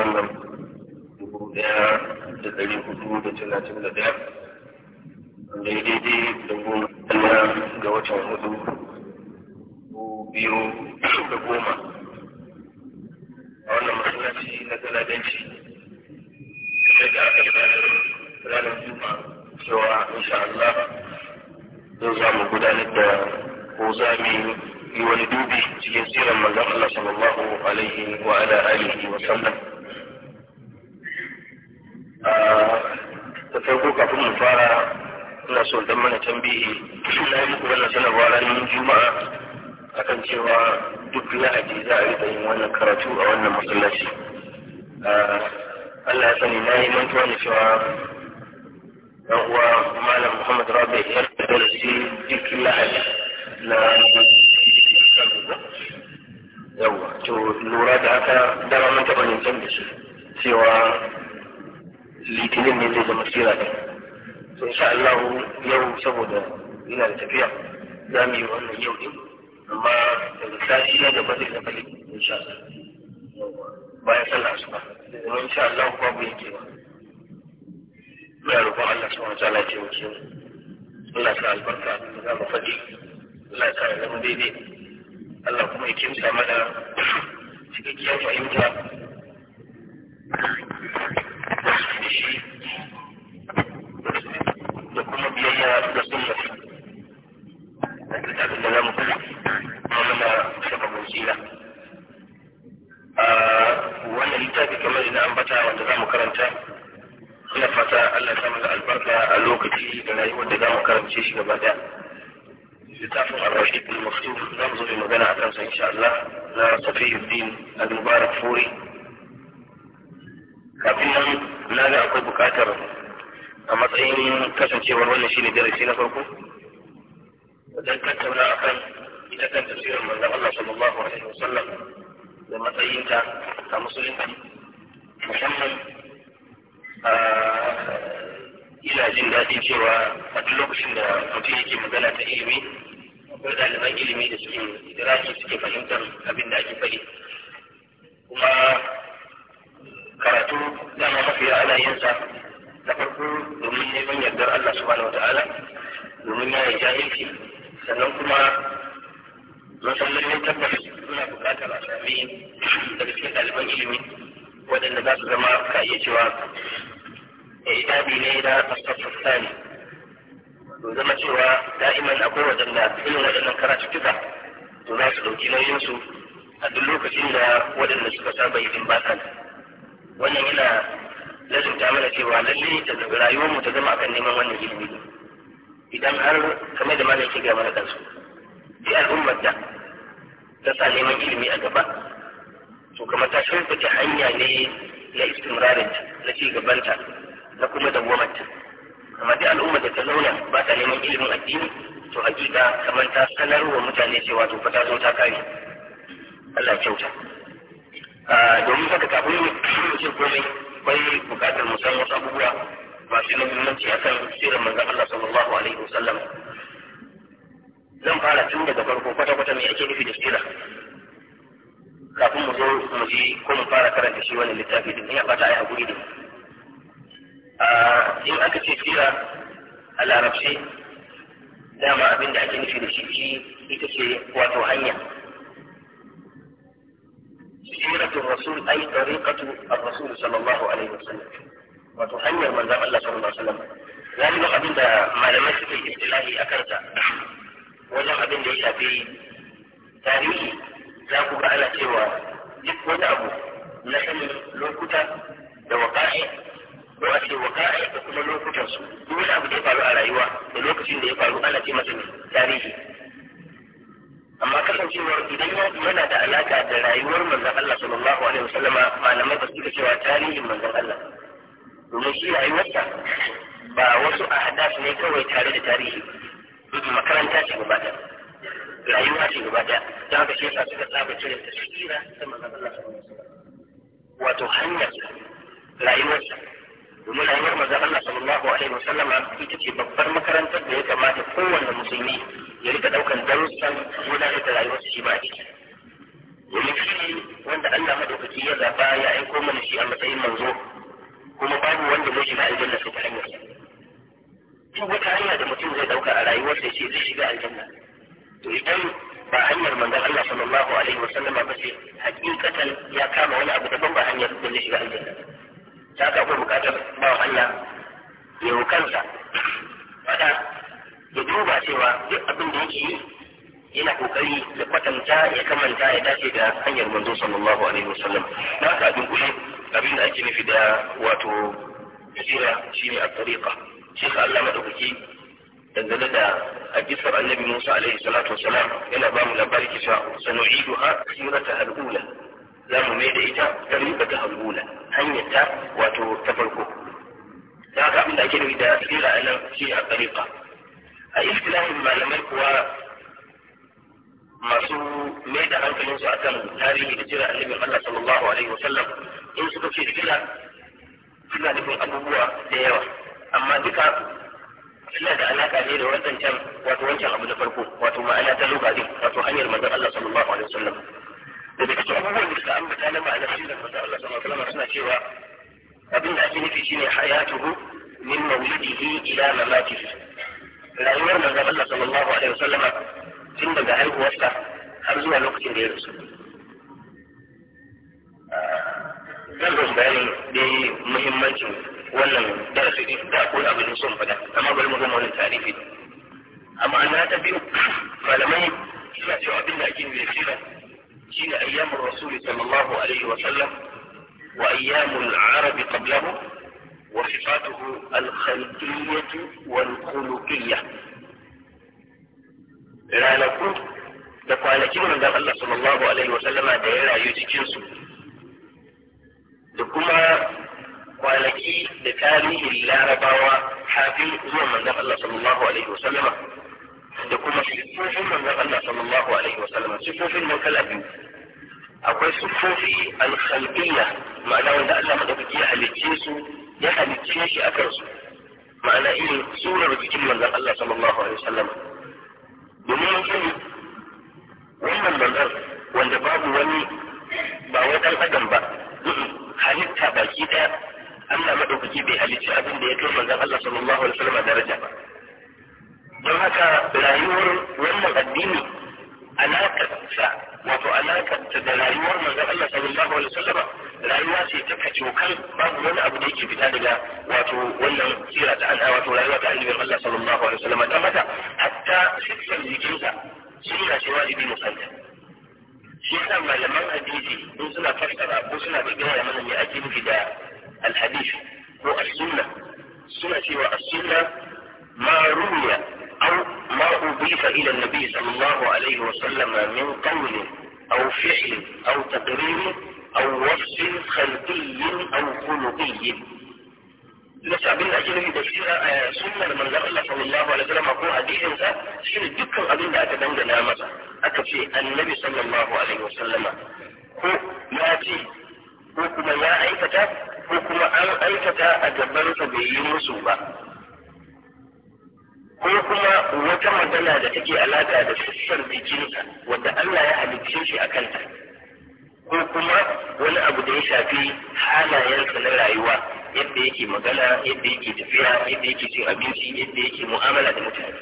wasallam dubu daya da dari hudu da talatin da daya wanda ya daidai da goma daya ga watan hudu ko biyu da goma a wannan masallaci na galadanci da aka gudanar ranar juma'a cewa insha Allah zai za mu gudanar da ko za mu yi wani dubi cikin siran manzon Allah sallallahu alaihi wa ala alihi wa sallam da farko kafin mu fara ina so dan mana tambihi na yi muku wannan sanarwa ranar juma'a akan cewa duk lahadi za a rika yin wannan karatu a wannan masallaci Allah ya sani na yi mantuwa da cewa 'Yan uwa malam Muhammad Rabi ya da darasi duk lahadi na yawa to lura da haka dama mun taɓa yin canji cewa litinin ne zai zama sira ne to insha Allah yau saboda ina da tafiya za mu yi wannan yau din amma daga sati na gaba zai zama litinin insha Allah bayan sallah su ba zama insha Allah babu yake ba muna rufa Allah su wancan ta'ala ya taimake mu Allah ta albarka da za mu faɗi Allah ka zama daidai Allah kuma ya kimsa mana cikakkiyar fahimta da kuma biyayya da sunna da duk abin da za mu kula maulama shafa gosila wannan littafi kamar ina ambata wanda za mu karanta ina fata Allah ya samu albarka a lokaci da rayuwar da za mu karance shi gaba daya littafin al-rashid al-maftuf za magana a kansa insha Allah na safiyuddin al-mubarak furi kafin nan na ga akwai bukatar a matsayin kasancewar wannan shi ne darasi na farko wajen tattauna a kan ita kan tafsirin wanda Allah sallallahu alaihi wasallam da matsayinta a musulunci musamman a ina jin daɗin cewa a duk lokacin da mutum yake magana ta ilimi akwai ɗaliban ilimi da suke idiraki suke fahimtar abin da ake faɗi kuma karatu dama mafiya ana yin na farko domin neman yardar Allah subhanahu wa ta'ala domin ya yi jahilci sannan kuma masallin tabbas suna buƙatar a sami daga cikin ɗaliban ilimi waɗanda za su zama ka iya cewa ya eh, yi dabi ne na astagfirta ne to zama cewa da'iman akwai waɗanda irin waɗannan karatuttuka to za su ɗauki nauyinsu a duk lokacin da waɗanda suka saba yi ba kan wannan yana lazumta mana cewa lalle da rayuwar mu ta zama kan neman wannan ilimi idan har kamar da malam yake ga mana kansu bi al'ummar da ta sa neman ilimi a gaba to kamar ta shimfita hanya ne na ta, na ci gabanta na kuma dawwamanta amma dai al'ummar da ta zauna ba ta neman ilimin addini to hakika kamar ta sanarwa mutane cewa to fa ta zo ta kare Allah kyauta Ah, domin saka kafin yi ce komai bai bukatar mu san wasu abubuwa masu muhimmanci kan sirrin manzan Allah sallallahu alaihi wasallam zan fara tun daga farko kwata-kwata mai ake nufi da sira kafin mu zo mu ji ko mu fara karanta shi wani littafi din ina fata ai hakuri din ah, in aka ce sira a larabci dama abin da ake nufi da shi ita ce wato hanya سيرة الرسول أي طريقة الرسول صلى الله عليه وسلم وتحير من ذا الله صلى الله عليه وسلم ذلك أبن ما لم يكن الإله أكرت وجه أبن ليس في تاريخي ذاك بألا سوى يكون أبو لكن لوكتا لوقائي wace waka'i da kuma lokutansu duk wani abu da ya faru a rayuwa da lokacin da ya amma kasancewar idan yana da alaka da rayuwar manzon Allah sallallahu alaihi wasallam malamai ba su da cewa tarihin manzon Allah domin shi rayuwarsa ba wasu ahadath ne kawai tare da tarihi makaranta ce gaba ɗaya rayuwa ce gaba ɗaya da haka shi yasa suka saba cire tasira ta manzon Allah sallallahu alaihi wasallam wato hanyar rayuwarsa domin rayuwar manzon Allah sallallahu alaihi wasallam ita ce babbar makarantar da ya kamata kowanne musulmi ya rika daukan darussan gudanar da rayuwarsa shi ba a ciki domin shi wanda Allah madaukaki ya zaba ya aiko mana shi a matsayin manzo kuma babu wanda zai shiga aljanna sai ta hanyar duk wata hanya da mutum zai dauka a rayuwarsa ce zai shiga aljanna to idan ba hanyar manzon Allah sallallahu alaihi wa wasallam ba ce hakikatan ya kama wani abu daban ba hanyar da zai shiga aljanna ta ka akwai bukatar ba Allah ya kansa fada ya duba cewa duk abin da yake yi yana kokari ya kwatanta ya kamanta ya dace da hanyar manzo sallallahu alaihi wasallam na ka abin kuɗi abin da ake nufi da wato shi ne a tariqa shi ka Allah madaukaki dangane da hadisin annabi Musa alaihi salatu wasalam yana ba mu labari cewa sanu'iduha sirata al-ula za mu mai da ita tariqata al-ula hanyar ta wato ta farko da haka abin da ake nufi da sira nan shi a tariqa a istilahin malamai kuwa masu mai da hankalinsu a kan tarihi da jira annabin Allah sallallahu alaihi wasallam in suka ce rigila suna nufin abubuwa da yawa amma duka suna da alaka ne da wancan wato wancan abu na farko wato ma'ana ta lokacin wato hanyar manzon Allah sallallahu alaihi wasallam da daga cikin abubuwan da suka ambata na ma'ana shi da manzon Allah sallallahu alaihi wasallam suna cewa abin da ake nufi shine hayatuhu min mawlidihi ila mamatihi rayuwar manzon Allah sallallahu alaihi wasallam tun daga haihuwarsa har zuwa lokacin da ya rasu zan zo bayanin da yi muhimmancin wannan darasi din da ko abin son fada amma bari mu gama wani tarihi amma na ta biyu malamai suna cewa abin da ake nufi sira shine ayyamin rasuli sallallahu alaihi wasallam wa ayyamul arabi qablahu وصفاته الخلقية والخلقية ranaku da kwanakin manzon Allah sallallahu alaihi wasallama da ya rayu cikinsu da kuma kwanaki da tarihin larabawa hafi zuwa manzon Allah sallallahu alaihi wasallama da kuma siffofin manzon Allah sallallahu alaihi wasallama siffofin nan kala biyu akwai siffofi al-khalqiyya ma'ana wanda Allah madaukaki ya su ya halicce shi a kansu ma'ana irin surar jikin manzon Allah sallallahu alaihi wasallam domin mutum wannan manzon wanda babu wani ba wai dan adam ba halitta baki daya Allah madaukaki bai halicci abin da ya kai manzon Allah sallallahu alaihi wasallam daraja ba don haka rayuwar wannan addini alaƙarsa wato alakarta da rayuwar manzon Allah sallallahu alaihi wasallam rayuwa ce ta kacokan babu wani abu da yake fita daga wato wannan sira ta Allah wato rayuwa ta annabi Allah sallallahu alaihi wasallam dan mata hatta sifar jikinsa sunna ce wajibi musalla shi Yana malaman hadisi in suna fassara ko suna bayyana mana me ake nufi da al-hadith ko as-sunnah suna cewa as-sunnah ma ruwiya أو ما أضيف إلى النبي صلى الله عليه وسلم من قول أو فعل أو تقرير أو وصف خلقي أو خلقي لسا بين أجل من تفسير آه، سنة من قال صلى الله عليه وسلم أقول حديث إنسا سين جكا قبل أن أتبنى نامسا أكفي النبي صلى الله عليه وسلم هو ماتي هو كما يا أيكتا هو كما أن أيكتا أجبرت به مصوبة ko kuma wata magana da take alaƙa da sassan jikinsa wanda Allah ya halicce shi a kanta ko kuma wani abu da ya shafi halayensa na rayuwa yadda yake magana yadda yake tafiya yadda yake cin abinci yadda yake mu'amala da mutane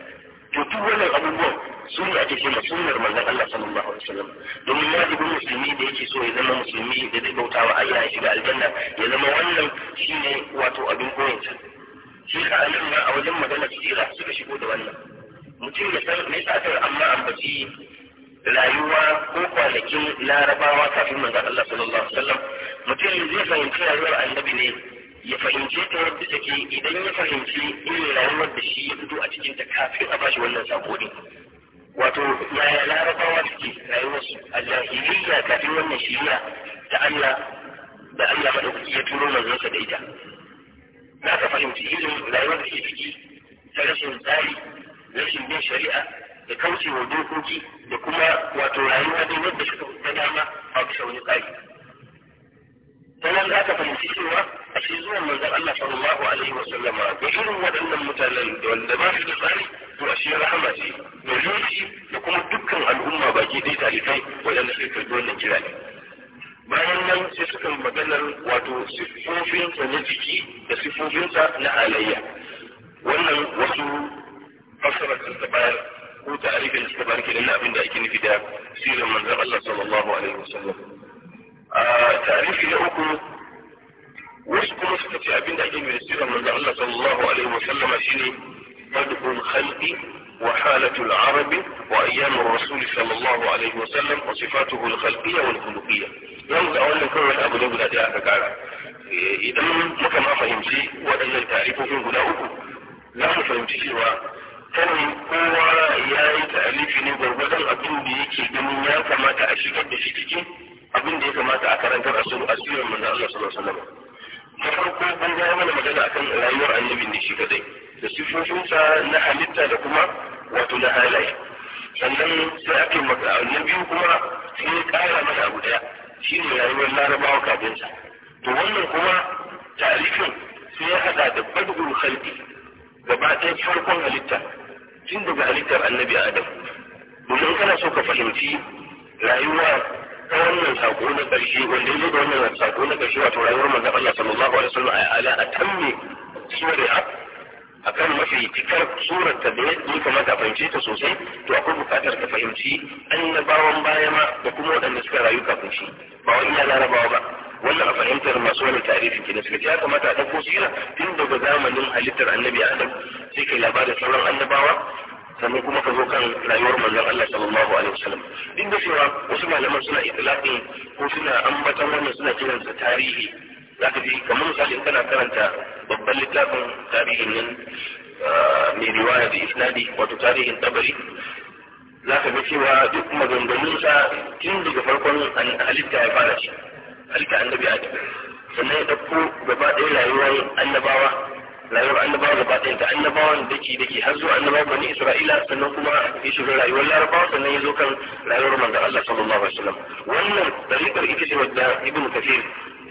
to duk wannan abubuwan su ne ake cewa sunnar manzon Allah sallallahu alaihi wasallam domin wajibin musulmi da yake so ya zama musulmi da zai bauta wa Allah ya shiga aljanna ya zama wannan shine wato abin koyinsa shi malamin a wajen magana tsira suka shigo da wannan mutum ya san mai tsadar amma ambaci rayuwa ko kwanakin larabawa kafin manzon Allah sallallahu alaihi wasallam mutum zai fahimci rayuwar annabi ne ya fahimci ta wadda take idan ya fahimci irin rayuwar da shi ya fito a cikin ta kafin a bashi wannan sako ne wato yaya larabawa suke rayuwarsu a jahiliya kafin wannan shiriya ta Allah da Allah madaukaki ya turo manzon sa da ita za ka fahimci irin rayuwar da ke ciki ta rashin tsari rashin bin shari'a da kaucewa dokoki da kuma wato rayuwa dai yadda suka da dama a bisa wani tsari sannan za ka fahimci cewa a shi zuwan manzon Allah sallallahu alaihi wa sallama ga irin waɗannan mutanen da wanda ba su da tsari to a shi rahama ce da zuci da kuma dukkan al'umma baki ɗaya talibai waɗanda suka karɓi wannan kira ne. bayan nan sai suka maganar wato siffofinsa na jiki da siffofinsa na halayya wannan wasu fassarar da bayar ko ta'arifin da suka bayar kenan na abin da ake nufi da sirar manzon Allah sallallahu alaihi wasallam a tarihi na uku wasu kuma suka ce abin da ake nufi da sirar manzon Allah sallallahu alaihi wasallam shine fadhul khalqi وحالة العرب وأيام الرسول صلى الله عليه وسلم وصفاته الخلقية والخلقية yau a wannan kawai wani abu ne guda ɗaya aka kara eh, idan muka ma fahimci waɗannan tarifofin guda uku za mu fahimci cewa kan kowa ya yi ta'alifi ne gwargwadon abin da yake ganin ya kamata a shigar da shi cikin abin da ya kamata a karantar a sura asirar manzo Allah sallallahu alaihi wasallam na farko an ga mana magana akan rayuwar annabin ne shi kadai da sifofinsa na halitta da kuma wato na halaye sannan sai ake maka na biyu kuma sai ya kara mana abu daya shi ne rayuwar larabawa kafin sa to wannan kuma tarihin sai ya hada da badul khalqi gaba ɗaya farkon halitta tun daga halittar annabi adam domin kana so ka fahimci rayuwa ta wannan sako na ƙarshe wanda ya da wannan sako na ƙarshe wato rayuwar manzon Allah sallallahu alaihi wasallam a ala atammi sura akan mafi cikar surarta da ya kamata fahimce ta sosai to akwai bukatar ta fahimci annabawan baya ma da kuma waɗanda suka rayu kafin shi ba wani ya larabawa ba wannan a fahimtar masu wani tarihin ke da suka ya kamata a ɗauko sira tun daga zamanin halittar annabi adam sai kai labarin sauran annabawa sannan kuma ka zo kan rayuwar manzon Allah sallallahu alaihi wasallam Din da cewa wasu malaman suna itlaqin ko suna ambatan wannan suna kiransa tarihi zaka ji kamar misali kana karanta babban littafin tarihin nan ah, mai riwaya da isnadi wato tarihin tabari za ka ga cewa duk maganganunsa tun daga farkon halitta ya fara shi halitta annabi adam sannan ya ɗauko gaba ɗaya rayuwar annabawa rayuwar annabawa gaba ɗaya ta annabawan da ke da ke har zuwa annabawa bani isra'ila sannan kuma ya shiga rayuwar larabawa sannan ya zo kan rayuwar manzon allah sallallahu alaihi wasallam wannan dariƙar ita ce wadda ibn kafir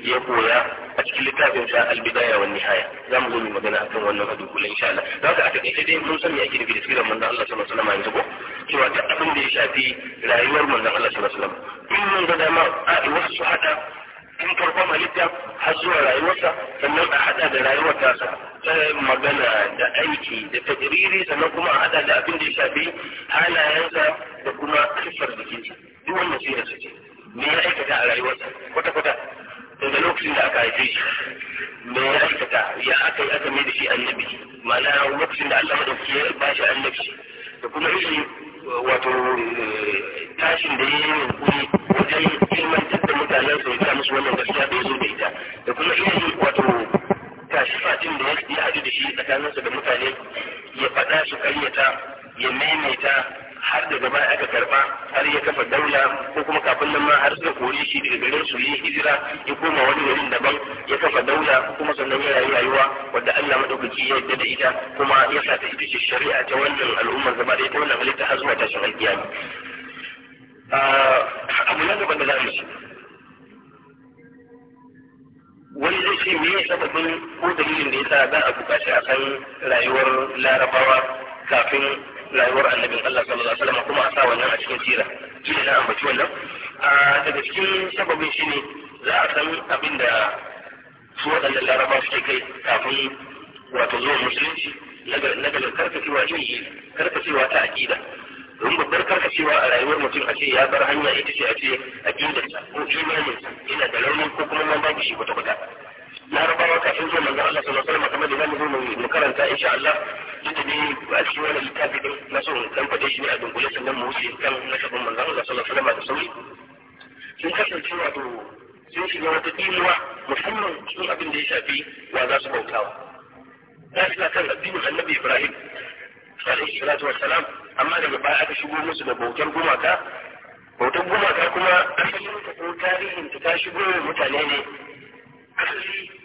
ya koya a cikin littafin sa al-bidaya wa nihaya za mu zo mu magana akan wannan hadu kula insha Allah za ka a takaice dai mun san me yake nufi da sirar manzon Allah sallallahu alaihi wasallam yanzu ko cewa duk abin da ya shafi rayuwar manzon Allah sallallahu alaihi wasallam in mun ga dama a wasu su hada in farkon halitta har zuwa rayuwarsa sannan a hada da rayuwar tasa magana da aiki da tajiriri sannan kuma a hada da abin da ya shafi halayensa da kuma kifar jikinsa duk wannan sai da suke me ya aikata a rayuwarsa kwata-kwata daga lokacin da aka haife shi me ya aikata ya aka yi aka mai da shi annabi ma'ana lokacin da Allah madaukaki ya ba shi annabi da kuma irin wato eh, tashin da ya yi yunkuri wajen ilmantar da mutanen su ya musu wannan gaskiya da ya zo da ita da kuma irin wato tashi fatin da ya haɗu da shi tsakaninsa da mutane ya faɗa su karyata ya maimaita har daga baya aka karba har ya kafa daula ko kuma kafin nan ma har suka kore shi daga garin su yi hijira ya koma wani wurin daban ya kafa daula kuma sannan ya rayu rayuwa wadda Allah madaukaki ya yarda da ita kuma ya sa ta ita ce shari'a ta wannan al'ummar gaba da ita wannan halitta har zuwa tashin alkiyama abu na gaban da za mu ci wani zai ce me ya sababin ko dalilin da ya sa za a buƙaci a kan rayuwar larabawa kafin rayuwar annabin Allah sallallahu alaihi wasallam kuma a sa wannan a cikin sira shi na ambaci wannan a daga cikin sababin shi ne za a san abin da su waɗannan laraba suke kai kafin wato zuwa musulunci na daga karkacewa iri karkacewa ta aƙida don babbar karkacewa a rayuwar mutum a ce ya bar hanya ita ce a ce aƙidarsa ko imaninsa yana da rauni ko kuma ma babu shi kwata-kwata larabawa kafin zuwa manzon Allah sallallahu alaihi wasallam kamar da zamu zo mu karanta insha Allah duk da a cikin wannan littafi din na so dan fade shi ne a dunkule sannan mu wuce kan nasabin manzon Allah sallallahu alaihi wasallam da sauri sun kasance wato sun shiga wata dimuwa musamman su abin da ya shafi wa za su bautawa za su na kan addinin annabi Ibrahim alaihi salatu wassalam amma daga baya aka shigo musu da bautar gumaka bautar gumaka kuma asalin ta ko tarihin ta shigo mutane ne asali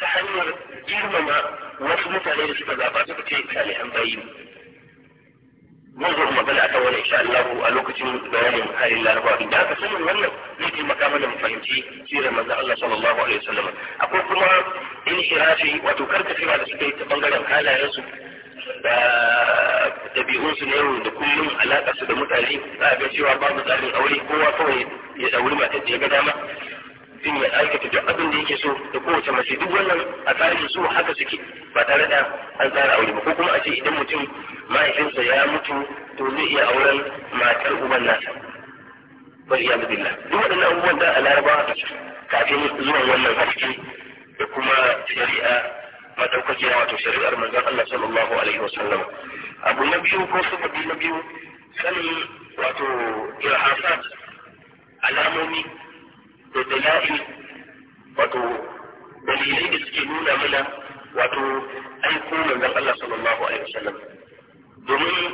ta hanyar girmama wasu mutane da suka zaba suka ce salihan bayi mun zo magana akan wannan insha Allah a lokacin bayanin halin larabawa inda aka sanin wannan zai taimaka mana mu fahimci sirar manzon Allah sallallahu alaihi wasallam akwai kuma inshirafi wato karkacewa da suka yi ta bangaren halayensu da ɗabi'unsu na yau da kullum alaƙa su da mutane za a ga cewa babu tsarin aure kowa kawai ya ɗauri matar da ya ga dama mutum ya aikata duk abin da yake so da kowace mace duk wannan a tsarin su haka suke ba tare da an tsara aure ba ko kuma a ce idan mutum mahaifinsa ya mutu to zai iya auren matar uban nasa bal ya billah duk waɗannan abubuwan da a larabawa kafin zuwan wannan haske da kuma shari'a madaukakiya wato shari'ar manzon Allah sallallahu alaihi wasallam abu na biyu ko sababi na biyu sanin wato irhasat alamomi da dala'il wato dalilai da suke nuna mana wato aiko manzon Allah sallallahu alaihi wasallam domin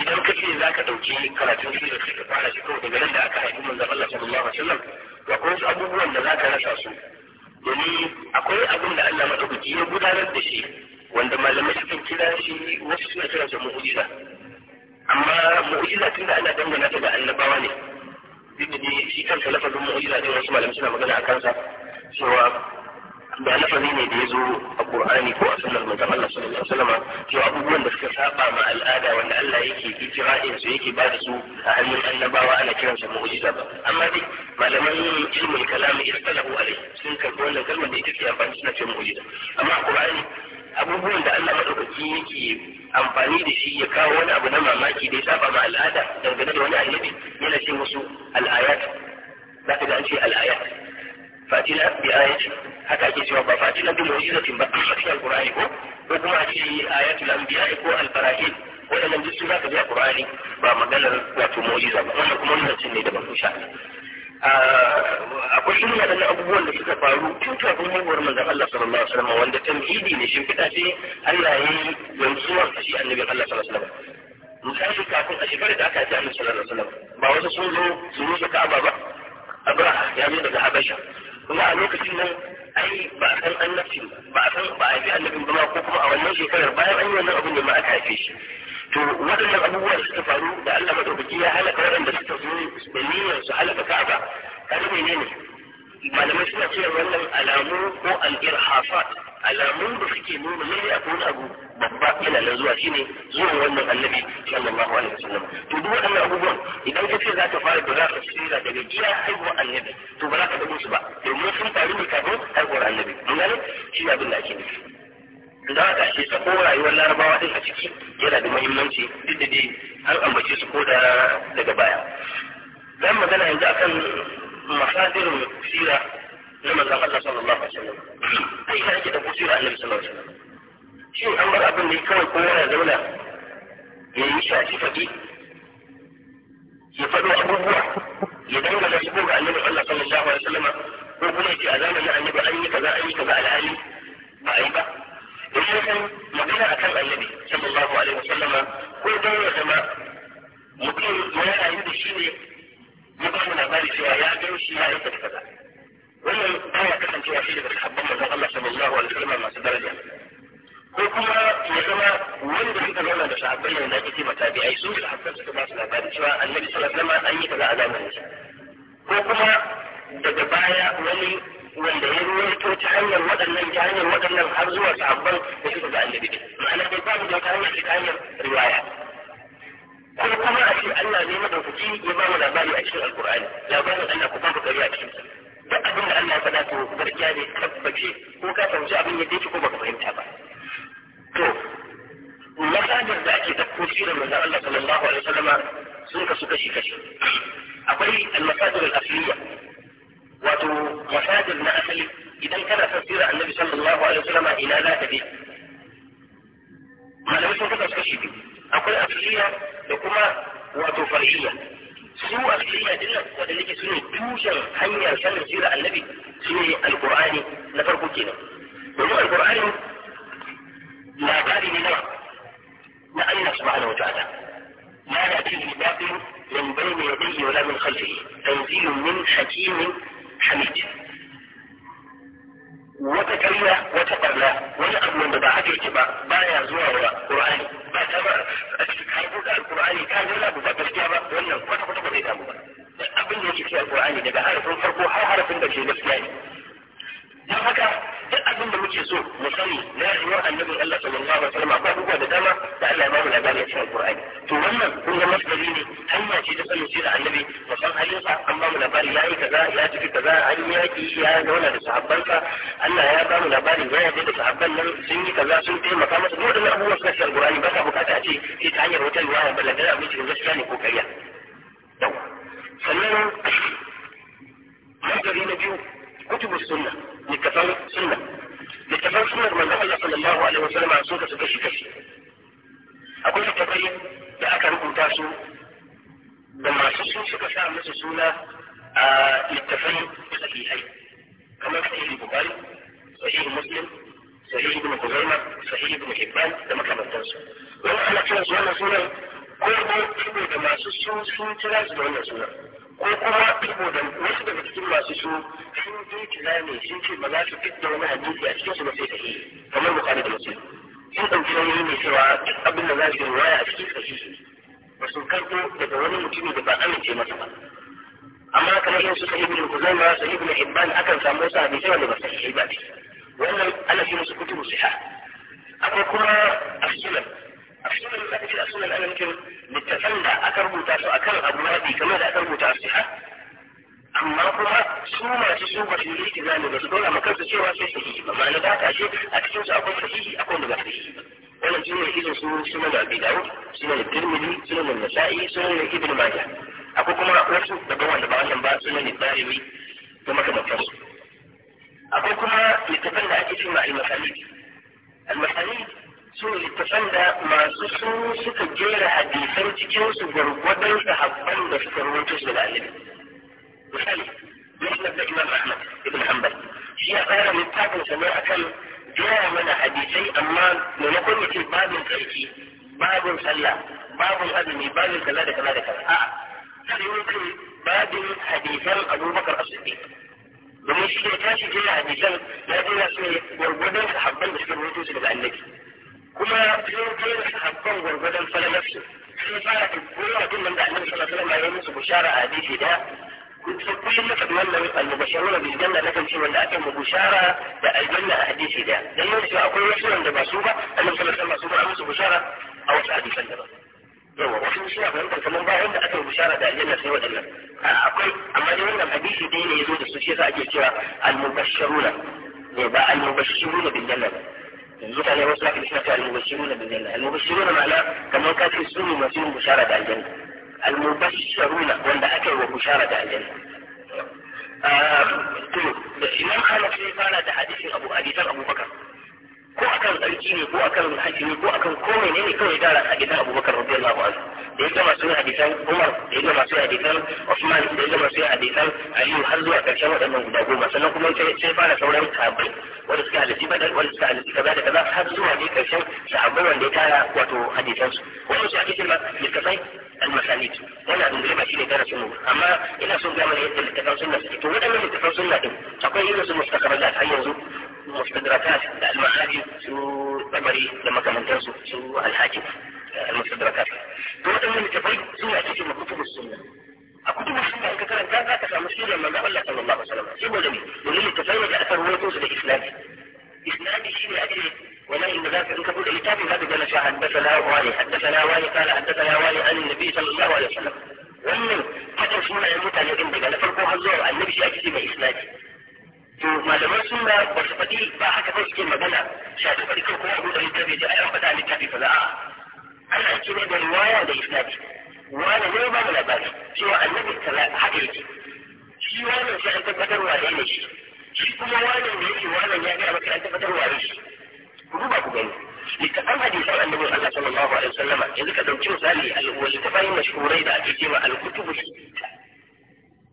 idan ka ce za ka ɗauki karatun shi da ka fara shi kawai daga nan da aka haifi manzon Allah sallallahu alaihi wasallam akwai wasu abubuwan da za ka rasa su domin akwai abin da Allah madaukaki ya gudanar da shi wanda malamai sukan kira shi wasu suna kira shi mu'jiza amma mu'jiza tunda ana dangana ta da annabawa ne duk da shi kansa lafazin mu'jiza din wasu malamai suna magana a kansa cewa lafazi ne da ya zo a Qur'ani ko a sunnar manzon Allah sallallahu alaihi wasallam abubuwan da suka saba ma al'ada wanda Allah yake ikira'in su yake ba da su a hannun annabawa ana kiran sa mu'jiza ba amma dai malaman ilmul kalam istalahu alai sun karbi wannan kalmar da ita ke amfani suna ce mu'ujiza. amma a Qur'ani abubuwan da Allah madaukaki yake amfani da shi ya kawo wani abu na mamaki da ya saba ma al'ada dangane da wani annabi yana ce musu al'ayat za ka ga an ce al'ayat fatila bi ayat haka ake cewa ba fatila bi mu'jizatin ba a cikin alqur'ani ko ko kuma a ce ayatul anbiya ko al-barahin wadannan duk sun za ka ji a qur'ani ba maganar wato mu'jiza ba wannan kuma wannan ne da ban sha. Allah akwai irin waɗannan abubuwan da suka faru tun kafin haihuwar manzon Allah sallallahu alaihi wasallam wanda tamhidi ne shin fita ce Allah ya yi yanzuwa a shi annabi Allah sallallahu alaihi wasallam misali kafin a shekarar da aka ji annabi sallallahu alaihi wasallam ba wasu sun zo su rusa Ka'aba ba Abraha ya zo daga Habasha kuma a lokacin nan ai ba a san annabci ba a san ba a ji annabin ba ko kuma a wannan shekarar bayan an yi wannan abin da ma aka haife shi to waɗannan abubuwan da suka faru da Allah madaukaki ya halaka waɗanda suka zo da niyyar su halaka Ka'aba kada ne ne malamai suna cewa wannan alamu ko al-irhafat alamun da suke nuna lalle akwai wani abu babba yana nan zuwa shine zuwan wannan annabi sallallahu alaihi wasallam to duk waɗannan abubuwan idan ka ce za ta fara da ka tsira daga iya haihuwar annabi to ba za ka dago su ba domin sun faru ne kafin haihuwar annabi mun gane shi abin da ake nufi da za a tashe ta ko rayuwar larabawa din a ciki yana da muhimmanci duk da dai an ambace su ko da daga baya zan magana yanzu akan masadirin sira na manzon Allah sallallahu alaihi wasallam kai ka yake da kusur Annabi sallallahu alaihi wasallam shin an bar abin ne kawai kowa yana zauna ya yi shafi faɗi ya faɗo abubuwa ya dangana su ga Annabi Allah sallallahu alaihi wasallam ko kuma ya ce a zamanin Annabi an yi kaza an yi kaza alhali ba a yi ba ya san magana akan annabi sallallahu alaihi wasallam ko da ya zama mutum ya rayu da shi ne ya ba mu labari cewa ya ga shi ya aikata kaza wannan ya kasancewa shi daga sahabban manzon Allah sallallahu alaihi wasallam masu daraja ko kuma ya zama wanda suka zauna da sahabbai ne da kike mata bi ai su da hakan suka ba su labari cewa annabi sallallahu alaihi wasallam an yi kaza a zamanin shi ko kuma daga baya wani wanda ya ruwaito ta hanyar waɗannan ta hanyar waɗannan har zuwa sabon da suka ga annabi ne ma'ana ba mu da ta hanyar ta hanyar riwaya ko kuma a ce Allah ne madaukaki ya ba mu labari a cikin alkur'ani labarin Allah ku babu ƙarya a cikin duk abin da Allah ya faɗa to gaskiya ne tabbace ko ka fahimci abin da yake ko baka fahimta ba to masajar da ake ɗauko sirar manzon Allah sallallahu alaihi wasallama sun kasu kashi kashi akwai al-masajar al-asliya أفاد المعزل إذا كان تفسير النبي صلى الله عليه وسلم إلى لا تبيع ما لو يكون كتب سكشي بي أقول أفلية لكما وتفرية سوء أفلية دلنا ودلك سنو توشن حيا شان تفسير النبي سنو القرآن نفر كتنا ومع القرآن لا تاري لنا لأن سبحانه وتعالى لا نأتيه لباقي من بين يديه ولا من خلفه تنزيل من حكيم حميد wata karya wata barna wani abu wanda ba haka yake ba baya zuwa wa qur'ani ba ta ba a cikin ka buɗe qurani ka ga abu ba gaskiya ba wannan kwata kwata ba zai damu ba abin da yake cikin qurani daga harafin farko har harafin da ke gaskiya ne don haka duk abin da muke so mu sani na rayuwar annabi Allah sallallahu alaihi wasallam ba duk da dama da Allah ya ba mu labarin a cikin Qur'ani to wannan kun ga masdari ne hanya ce ta sanin da annabi mu san sa an ba mu labari yayi kaza ya tafi kaza an yaki ya zauna da sa, Allah ya ba mu labarin ya yarda da sahabban nan sun yi kaza sun taimaka masa duk wannan abubuwa suka cikin Qur'ani ba ka bukata a ce sai ta hanyar wata riwaya abin cikin gaskiya ne ko kariya sannan masdari na biyu kutubu sunna littafan sunna littafan sunnar manzon Allah sallallahu alaihi wasallam sun kasu kashi kashi akwai littafai da aka rubuta su da masu sun suka sa musu suna a littafai sahihai kamar sahih bukhari sahih muslim sahih ibn kuzaima sahih ibn hibban da makamantansu wani ana kiran su wannan sunan ko ko da masu sun sun kira su da wannan sunan ko kuma saboda wasu daga cikin masu su sun je kira ne sun ce ba za su fitta wani hadisi a cikin su ba sai sahihi kamar bukari da muslim sun ɗauki nauyi ne cewa duk abin da za su yi waya a cikin sahihi ba su karɓo daga wani mutumin da ba amince masa ba amma kamar yin su sahihi bin kuzaima sahihi bin hibban akan samu wasu hadisi wanda ba sahihi ba ne wannan ana yi musu kutubu siha akwai kuma a asilan a cikin da zaka ce sunan ana littafan da aka rubuta su akan abu kamar da aka rubuta su ha amma kuma su masu su ba su yi ilimi ba su dole maka cewa sai su yi ba ce a cikin su akwai sahihi akwai da ba sahihi wannan shi ne irin su sunan da abi sunan tirmidhi sunan nasa'i sunan ibn majah akwai kuma wasu daga wanda ba wannan ba sunan da akwai kuma littafan da ake cewa al-masalid al-masalid su ne sanda da masu sun suka jera hadisan cikin su gwargwadon sahabban da suka rubuta su daga misali da imam ahmad ibn hanbal shi ya tsara littafin sa ne akan jera mana hadisai amma maimakon ya babin tsarki babin sallah babin azumi babin kaza da kaza da kaza a'a sai mutum babin hadisan abubakar as domin shi ne tashi jera hadisan ya jera su ne gwargwadon sahabban da suka rubuta su annabi kuma yau ne hakan gwargwadon falalarsu sun fara kuma mutum nan da annabi sallallahu alaihi wasallam ya musu bushara a hadisi da kullum muka wannan al-mubashiruna bil janna na kan wanda aka mu bushara da aljanna a hadisi da dan mun cewa akwai wasu wanda ba su ba annabi sallallahu alaihi wasallam su ba musu bushara a wasu hadisan da ba yawa wasu suna fahimtar kamar ba wanda aka bushara da aljanna sai waɗannan akwai amma dai wannan hadisi dai ne yazo da su shi yasa ake cewa al-mubashiruna ba al-mubashiruna bil janna ba جيت عليه قلت لك احنا المبشرون بالجنه، المبشرون معناه كما كان في السنه المبشرون بشاره بعد الجنه. المبشرون وين ده اكل وبشاره بعد الجنه. آه الامام احمد في قال حديث ابو حديث ابو بكر ko akan sarki ne ko akan hakimi ko akan komai ne ne kawai dara a gidan abubakar radiyallahu anhu da ya gama a hadisan umar da ya gama a hadisan usman da ya gama sun hadisan aliyu har zuwa karshen waɗannan guda goma sannan kuma sai fara sauran sahabbai wanda suka halarci badar wanda suka halarci kaza da kaza har zuwa ne ƙarshen sahabbai wanda ya tara wato hadisansu wannan su ake cewa littafai المسانيد وانا ادون لما شيء درس النور اما الى سنة من يد التفاصيل التفاصيل لكن تقول ايه المستخرجات هيا المستدركات مدركات المعاني شو لما كان تنسو شو الحاجة المستدركات لما تقول لي تبغي شو يعطيك ما كتب السنة أكتب أه، السنة إن كثر إن كان ذاك كان مشهور لما الله صلى الله عليه وسلم شو بقول لي بقول لي تفهم أثر هو توصل إسلام إسلام شيء من أجل إيه؟ ولا إن ذاك إن كتب الكتاب إيه؟ هذا قال شاه حدثنا والي حدثنا والي قال حدثنا والي عن النبي صلى الله عليه وسلم ومن حتى مش من الموت على جنبك أنا فرقوها الزور النبي شاكسي faɗi ba haka ba suke magana sha ta faɗi kai kuma abu da littafi ce a yan faɗa littafi fa za'a Allah ya ce ne da riwaya da isnadi wani ne ba da labari cewa annabi kala haka yake shi wani sai an tabbatar wa ne shi shi kuma wani ne yake wani ya ga maka an tabbatar wa ne shi ku duba ku gani littafan hadisan annabin Allah sallallahu alaihi wasallama yanzu ka dauki misali al'uwa littafan mashhurai da ake cewa al-kutubu sitta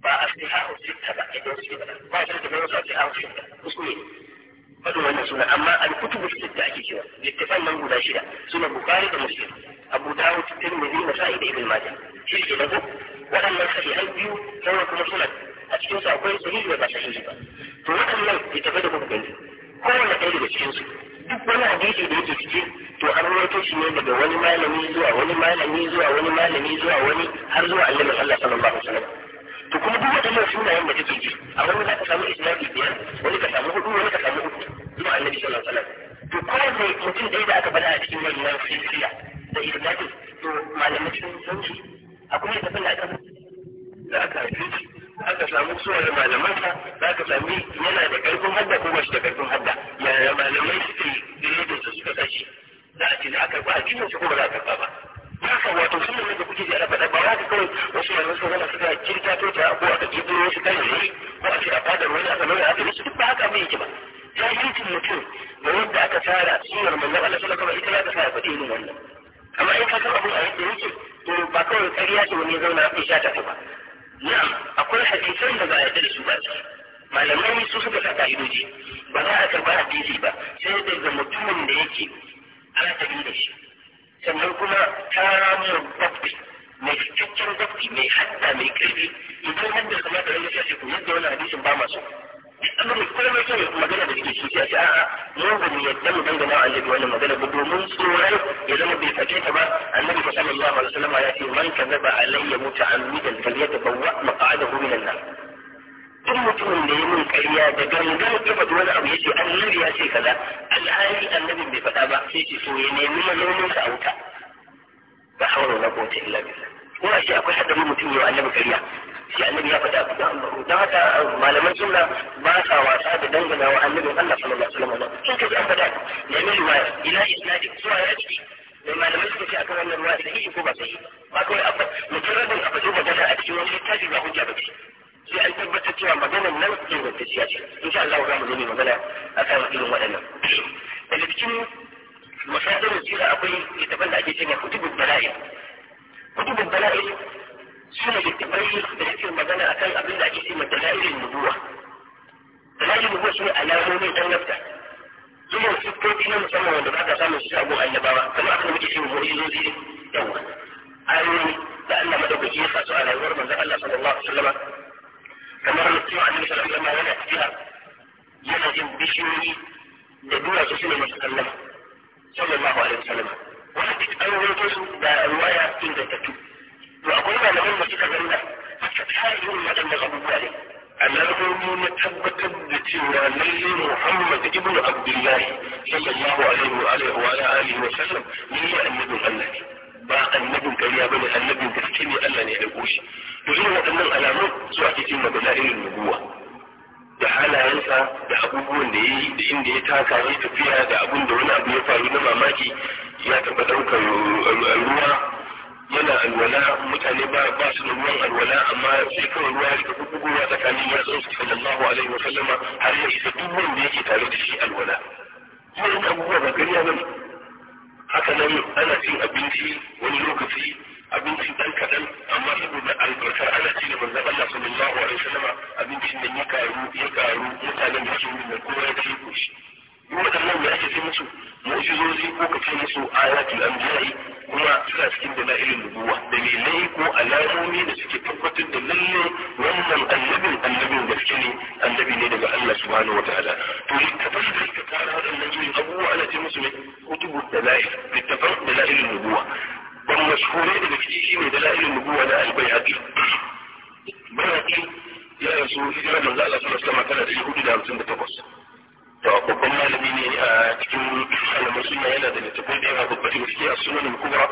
ba a fi hawa sitta ba idan su ba ba shi da wasu a fi hawa sitta kuskure faɗin wannan suna amma al-kutubu sitta ake cewa littafan nan guda shida suna bukari da muslim abu dawud tirmidhi nasa'i da ibn majah shi ke da waɗannan sahihai biyu sauran kuma suna a cikin su akwai sahihi da ba sahihi ba to waɗannan ya tafi da kuka gani kowanne ɗaya daga cikin su duk wani hadisi da yake ciki to an rawaito shi ne daga wani malami zuwa wani malami zuwa wani malami zuwa wani har zuwa annabi sallallahu alaihi wasallam to kuma duk waɗannan sunayen da kake ji a wani za ka samu isnadi biyar wani ka samu hudu wani ka samu uku zuwa annabi sallallahu alaihi wasallam to kowanne mutum ɗaya da aka faɗa a cikin wannan silsila da isnadi to malamai sun san shi akwai da falla aka da aka haife za ka samu suwar malamansa za ka sami yana da ƙarfin hadda ko shi da ƙarfin hadda yaya malamai suke da yadda su suka sashi za a ce za a karɓa a cikin su ko ba za a karɓa ba haka wato sunan da kuke ji ana faɗa ba za ka kawai wasu yanzu sun zama suka kirka to ta ko aka jibo wasu kayayyaki ko a ce a fadar wani aka nuna aka yi su duk ba haka mai yake ba jahilcin mutum da wanda aka tsara sunan manzon Allah sallallahu alaihi kama ita ya ta fara faɗi irin wannan amma in ka san abu a yadda yake to ba kawai ƙarya ce wani ya zauna ya sha ta ba na akwai hadisan da ba a yarda da su ba malamai su suka sa ka'idoji ba za a karɓa hadisi ba sai daga mutumin da yake ana tafi da shi sannan kuma ta ramu dabbi mai cikakken dabbi mai hadda mai karfi idan hadda kuma da rage sai ku yadda wani hadisin ba masu amma da kuma mai kyau magana da suke shi sai a'a mu ba mu yadda mu dangana annabi wannan magana ba domin tsoron ya zama bai fate ta ba annabi sallallahu alaihi wasallam ya ce man kazaba alayya muta'ammidan falyatabawa maq'adahu minan nar duk mutumin da ya mun ƙarya da gangan ya wani abu ya ce annabi ya ce kaza alhali annabin bai faɗa ba sai ce so ya nemi malomin sa a wuta ba haura na kota illa billah ko a shi akwai haɗarin mutum yau annabi ƙarya shi annabi ya faɗa abu don haka uh, malaman suna ba sa wasa da dangana wa annabi Allah sallallahu alaihi wasallam sun kaji an faɗa nemi riwaya ila isnadi zuwa ya ciki mai malamai suka ce akan wannan ruwa da ko ba sai ba kawai abba mutum rabin abu zuba gasa a cikin wani littafi ba hujja ba ce sai an tabbatar cewa maganar nan ingantacciya ce sha Allah za mu zo magana magana kan irin waɗannan daga cikin masadirin sira akwai littafin da ake cewa kutubul bala'i kutubul bala'i suna littafai da yake magana akan abin da ake cewa dalailin nubuwa dalailin nubuwa nafsa. alamomin annabta zuwa siffofi na musamman wanda ba ka samun su a annabawa kamar abin da muke wani mu'jizozi yawa ayoyi da Allah madaukaki ya sa su a rayuwar manzon Allah sallallahu alaihi wasallam kamar mutum annabi sallallahu alaihi yana tafiya yana jin bishiyoyi da duwatsu suna masu kallon sallallahu alaihi wasallam wani duk an rawaito su da ruwaya ingantattu to akwai malaman da suka zanna suka kare yin waɗannan abubuwa ne alarbobi na tabbatar da cewa lalle Muhammad ibnu Abdullahi sallallahu alaihi wa alihi wa sallam ne annabin Allah ne ba annabin ƙarya bane annabin gaske ne Allah ne ya dauko shi to irin waɗannan alamun zuwa cikin madalailin nubuwa da halayensa da abubuwan da yayi da inda ya taka ya tafiya da abun da wani abu ya faru na mamaki ya taɓa ɗaukar eh, ruwa yana alwala mutane ba ba su da ruwan alwala amma sai kawai ruwa ya rika guguwa tsakanin yatsun su sallallahu alaihi wa sallama har ya isa duk wanda yake tare da shi alwala. Wannan abubuwa ba gariya ne. haka nan ana cin abinci wani lokaci abinci dan kaɗan amma saboda albarkar ana ci da manzon Allah sallallahu alaihi wasallama abincin nan ya karu ya karu mutanen da suke wurin kowa ya ci ko shi duk waɗannan ake ce musu mun shi zo sai ko ka ce musu ayatul anbiya'i kuma suna cikin dalailin nubuwa dalilai ko alamomi da suke tabbatar da lalle wannan annabin annabin gaske ne annabi ne daga Allah subhanahu wataala to littafan da suka tara waɗannan irin abubuwa ana ce musu ne kutubu dalail littafan dalailin nubuwa ban mashhurai daga ciki shine dalailin nubuwa na al-bayhaqi bayhaqi ya rasu hijira manzo Allah sallallahu alaihi wasallam tana da da 458 babban malami ne a cikin malamin suna yana da littafin da yawa babban gaske a sunan kubra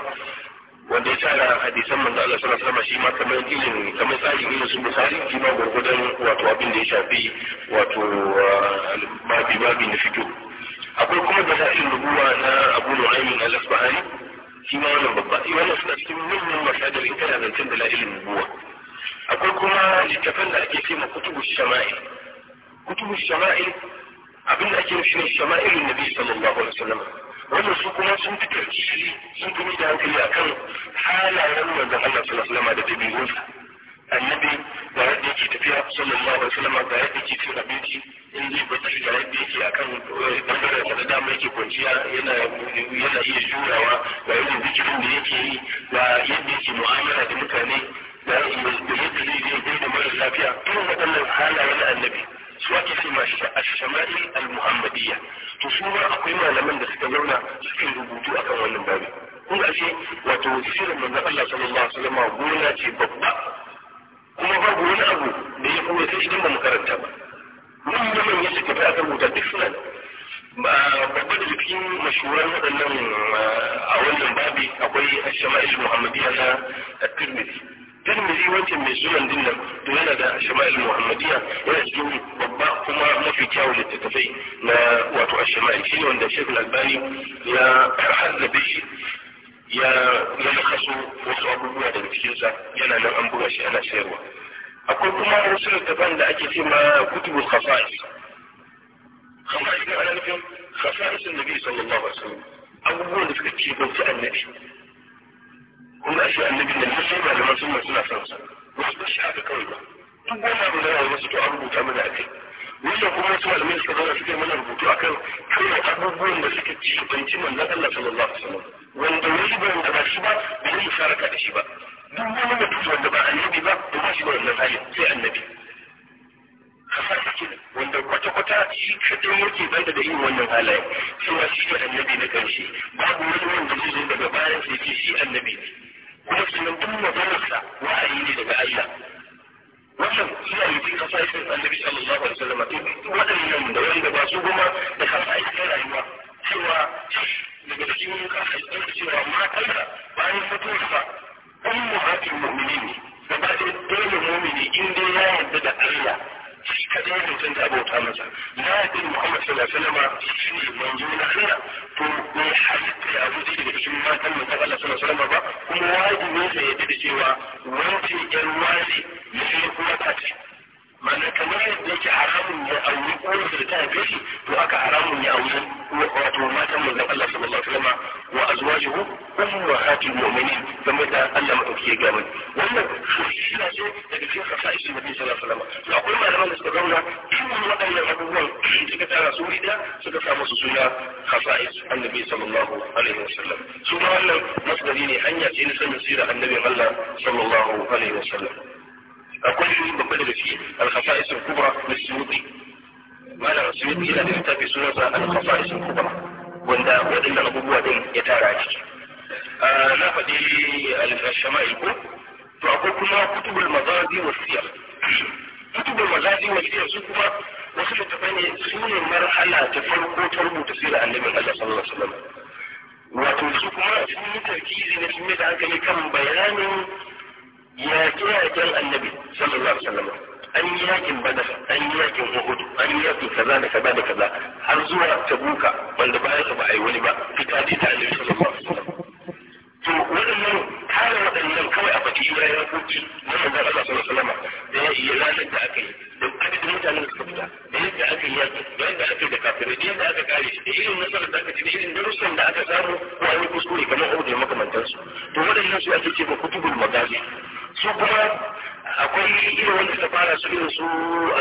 wanda ya tara hadisan manzo Allah sallallahu alaihi wasallam shi ma kamar ilin kamar tsari ilin su misali shi ma gurgudan wato abin da ya shafi wato ah, babi babi na fito akwai kuma da sa'in rubuwa na Abu Nu'aym al-Asbahani shi ma wannan babba wannan suna cikin manyan masadar in kana zancen da la'ilin rubuwa akwai kuma littafan da ake cewa kutubu shama'il kutubu shama'il abin da ake nufi ne shama'ilun nabi sallallahu alaihi wasallam wannan su kuma sun fi tarci sun fi da hankali akan halayen manzon Allah sallallahu alaihi wasallam da dabi'unsa annabi ga yadda yake tafiya sallallahu alaihi wasallam ga yadda yake cin abinci in zai bacci ga yadda yake akan eh, bangaren sa da dama yake kwanciya yana yana iya jurawa ga yadda zikirin da yake yi ga yadda yake mu'amala da mutane da yadda zai je da mara lafiya irin waɗannan halayen annabi su ake ce ma shama'il al-muhammadiyya to su ma akwai malaman da suka zauna suke rubutu akan wannan babu kun ga shi wato sirrin manzo Allah sallallahu alaihi wasallam gona ce babba kuma babu wani abu da ya kuma sai idan ba mu karanta ba mun da man yake tafi akan rubuta duk Ba babba da cikin mashuran waɗannan ah, a wannan babu akwai shama'il muhammadiyya na at-Tirmidhi ترم دي وانت من الزمن دينا دولنا دا شماء المحمدية يأجدون ببا كما ما في كاول التتفي ما واتو الشماء الشيء وان دا شيخ الألباني يا حذ بي يا يا خسو وصواب الله دا الفجزة يا لنا أنبوه شيء أنا سيروه أقول كما رسول التفان دا أجي فيما كتب الخصائص خصائص أنا نفهم خصائص النبي صلى الله عليه وسلم أقول لك كيف تأمني هم أشياء النبي من على ما سمى shi banci manzon Allah sallallahu alaihi wasallam دي الشمائل كله فأقول كلها كتب المزادي والسير كتب المزادي والسير سكما وصلت تفاني سنة مرحلة تفرق وترم وتسير عن النبي صلى الله عليه وسلم وتنسكما سنة تركيز نسمة عن كم بيان يا أجل النبي صلى الله عليه وسلم أن ياتي بدر أن ياتي وهود أن ياتي كذا كذا كذا هل زورا تبوكا بل دبايا تبعي في تعديد عن النبي صلى الله عليه وسلم to waɗannan kare waɗannan kawai a baki ya yi rakoki na manzan Allah sallallahu alaihi da ya yi ranar da aka yi da adadin mutanen da suka fita da yadda aka yi yaki da yadda aka yi da kafirai da yadda aka kare da irin nasarar da aka ci da irin darussan da aka samu ko an yi kuskure kamar abu da makamantansu to waɗannan su ake ce ba kutubul magazi su kuma akwai irin wanda suka fara su irin su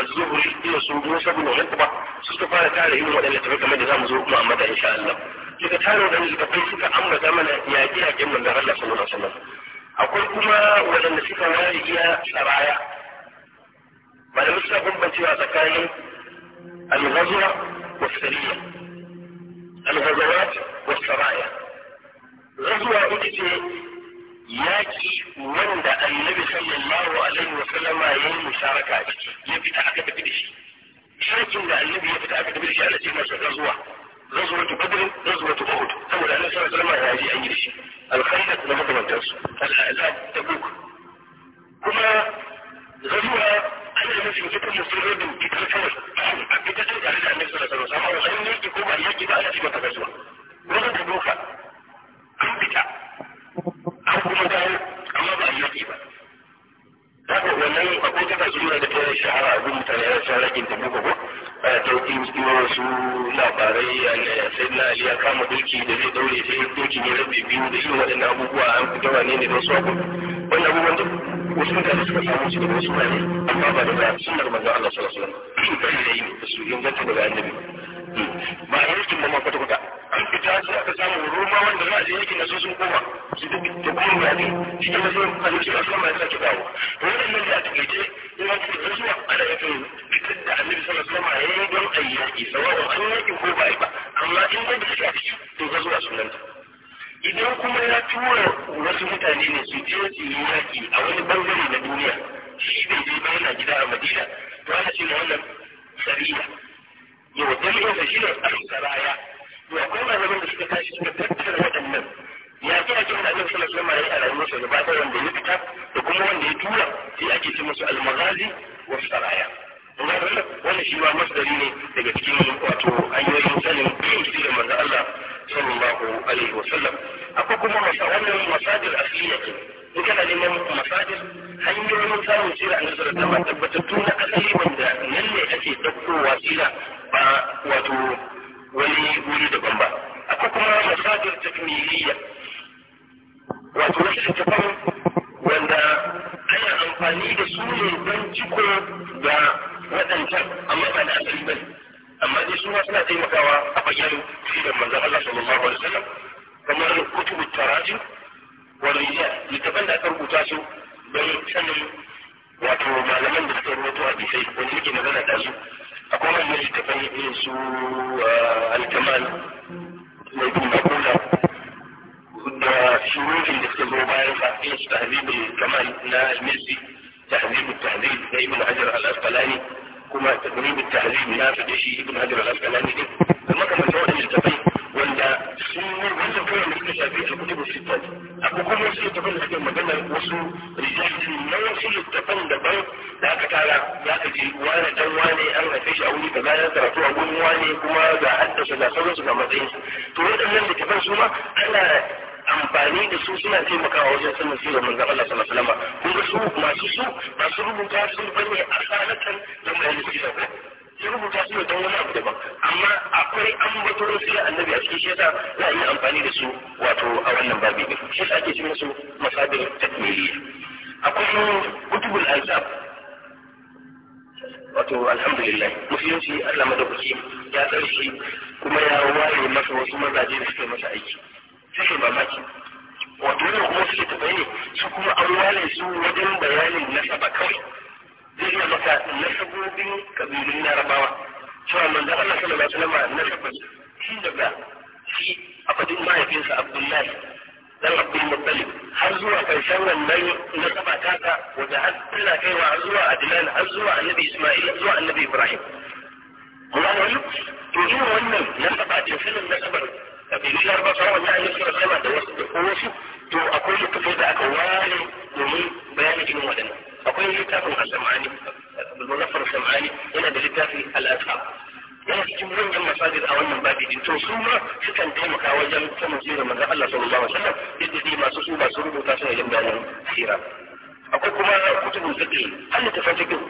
az-zuhri irin su musa bin al kuma su suka fara kare irin waɗannan tafi kamar da za mu zo kuma amma da insha Allah kika tano da kai suka ambata mana yaƙi yaƙin manzon Allah sallallahu alaihi akwai kuma waɗanda suka ware iya saraya malamai suna bambancewa tsakanin al-ghazwa wa sariya al-ghazawat wa saraya ghazwa ita ce yaƙi wanda annabi sallallahu alaihi wasallama ya yi musharaka a ciki ya fita aka tafi da shi shirkin da annabi ya fita aka tafi da shi ana ce masa ghazwa غزوة بدر غزوة أحد ثم النبي صلى الله عليه وسلم يأتي أن يدشي الخندق لمضى من درس الآن تبوك كما غزوة أنا مثل كتب مستغرب كتاب فرد أحد أبدا تلك أحد النبي صلى الله عليه وسلم وأن يجي كما يجي بأن biyu da shi waɗannan abubuwa an fita wane ne ne don su abu wani abubuwan da wasu mutane suka samu su daga wasu mutane amma ba daga sunnar manzon Allah sallallahu alaihi wasallam bai da yi da su inganta daga annabi hmm. ba a yankin ba ma kwata kwata an fita sai aka samu roma wanda za a je yankin na sun koma su duk da kuma ne shi ne zai kalli su a sama ya sake dawo su ma suna taimakawa a bayanin fidan manzon Allah sallallahu alaihi wasallam kamar kutubu tarajim wa rijal littafan da aka rubuta su don sanin wato malaman da suka rubuta hadisai wanda yake magana da su akwai wannan littafan irin su al-kamal na ibn Mabula da shurufin da suka zo bayan sa irin su tahzibul kamal na al-Mizzi tahzibul tahzib na ibn Hajar تقريب التعليم لا في شيء ابن هجر الأسقلاني دي ثم كما تقول التقي ولا سنور وزن كوي مكتشى في الكتب الستة أبو كل وصل التقن لكن مجمع وصول رجال ما وصل التقن دبل لا كتالا لا تجي وانا دواني أنا فيش أولي كما يتركوا أقول واني كما ذا حدث ذا سوى سوى مدين تريد أن نتفن سوى أنا amfani da su suna taimakawa wajen sanin da manzan Allah sallallahu alaihi wasallam kuma su masu su masu rubuta su bane sanatan da mai sirrin ko su rubuta su don wani abu daban amma akwai ambaton sirrin annabi a cikin shi yasa za a yi amfani da su wato a wannan babi din shi yasa ake cewa su masabir takmiliyya akwai kutubul azab wato alhamdulillah musulunci Allah madaukaki ya tsare shi kuma ya waye masa wasu mazaje da suke masa aiki suke mamaki wato wannan kuma suke tafiye ne su kuma an ware su wajen bayanin nasaba kawai zai iya maka nasabobin kabilun larabawa cewa manzan Allah sallallahu alaihi wasallam shi daga shi abadin mahaifinsa Abdullahi dan Abdul Muttalib har zuwa karshen wannan nasaba ta ta wanda har kaiwa har zuwa Adnan har zuwa Annabi Isma'il har zuwa Annabi Ibrahim. wannan to wannan nasaba nasabar kabilu larabawa wanda da wasu da to akwai da aka ware domin bayanin irin waɗannan akwai littafin al-sam'ani al-muzaffar yana da littafin al yana cikin manyan masajid a wannan babi din to su ma sukan taimaka wajen sanin sirrin manzon Allah sallallahu alaihi wasallam duk masu su masu rubuta su wajen bayanin sirra akwai kuma kutubun fiqh har littafin fiqh kyau.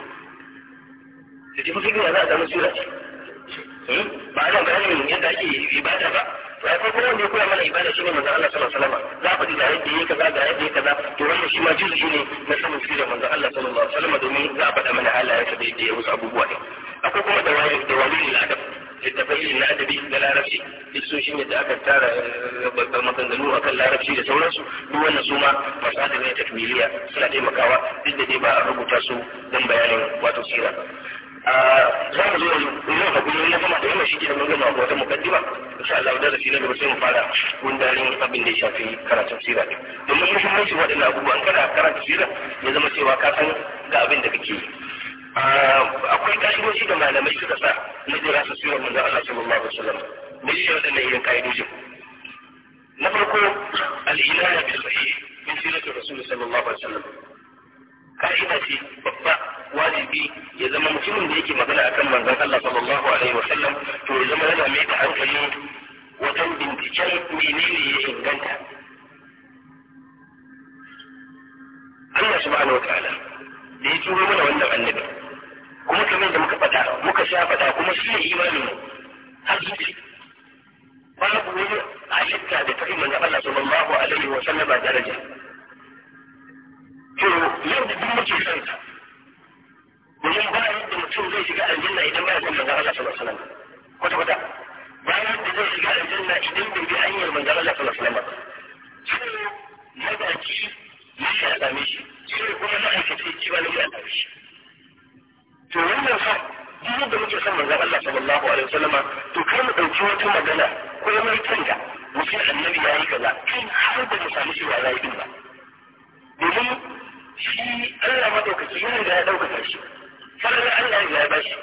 Da ya za a samu sirra ce hmm? ba a nan bayanin yadda ake ibada ba to kuma wanda ya koya mana ibada shine manzo Allah sallallahu alaihi wasallam za ku ji ga yadda yake kaza ga yadda yake kaza to wannan shi ma juzu ne na sanin sirrin manzo Allah sallallahu alaihi wasallam domin za a faɗa mana halayen sa da yadda ya wasu abubuwa ne akwai kuma da wani da wani al'adab littafai na adabi da larabci lissoshin da aka tara eh, maganganu a kan larabci da sauransu duk wannan su ma masu adabi na tafiliya suna taimakawa duk da dai ba a rubuta su don bayanin wato sira za mu zo yau ka kuma ya gama da yamma shi ke da mun gama wata mukaddima insha Allah da shi na gaba sai mu fara gundarin abin da ya shafi karatun sira domin muhimmanci waɗannan abubuwan kada karanta sira ya zama cewa ka san ga abin da kake yi akwai ka'idoji da malamai suka sa na jira su sirar manzo Allah sallallahu alaihi wasallam ne shi waɗannan irin ka'idojin na farko al-ilaya bil sahih min sirati rasul sallallahu alaihi wasallam ka'ida ce babba wajibi ya zama mutumin da yake magana akan manzon Allah sallallahu alaihi wasallam to ya zama yana mai da hankali wajen binciken menene ya inganta Allah subhanahu wataala da ya turo mana wannan annabi kuma kamar da muka fada muka sha fada kuma shi ne imanin mu har zuci babu wani halitta da ta yi manzon Allah sallallahu alaihi wasallam daraja to yau da kanta domin ba yadda mutum zai shiga aljanna idan ba ya san manzon Allah sallallahu alaihi wasallam kwata kwata ba yadda zai shiga aljanna idan bai bi hanyar manzon Allah sallallahu alaihi wasallam sai na baki ya shi same shi sai kuma na shi ba na yi same shi to wannan fa duk yadda muke son manzon Allah sallallahu alaihi wasallama to kai mu dauki wata magana ko mai kanta mutum annabi ya yi kaza kai har ba mu sami shi ba ya yi din ba domin shi Allah madaukaki yana da ya ɗaukaka shi falala Allah ya ba shi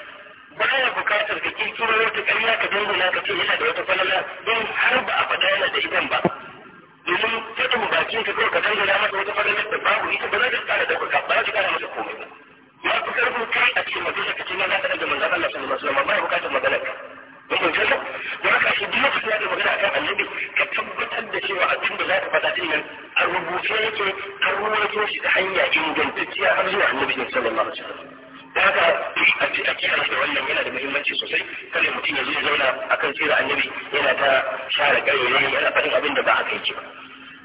baya bukatar ka kirkiro wata ƙarya ka dangana ka ce yana da wata falala don har ba a faɗa yana da idan ba domin fata mu bakin ka ka dangana masa wata falala da babu ita ba za ta ƙara da kuka ba za ka ƙara masa komai ba ya fi ƙarfin kai a cikin magana ka ce na za ka ɗaga manzan Allah sallallahu alaihi wasallam baya bukatar maganar ka mutuntarsa don haka shi duk lokacin da magana akan annabi ka tabbatar da cewa abin da za ka faɗa din nan a rubuce yake an ruwaito shi ta hanya ingantacciya har zuwa annabi sallallahu alaihi wasallam da haka a kiyaye da wannan yana da muhimmanci sosai kada mutum ya zo ya zauna kan sirar annabi yana ta share ƙarfi yana faɗin abin da ba a yake ba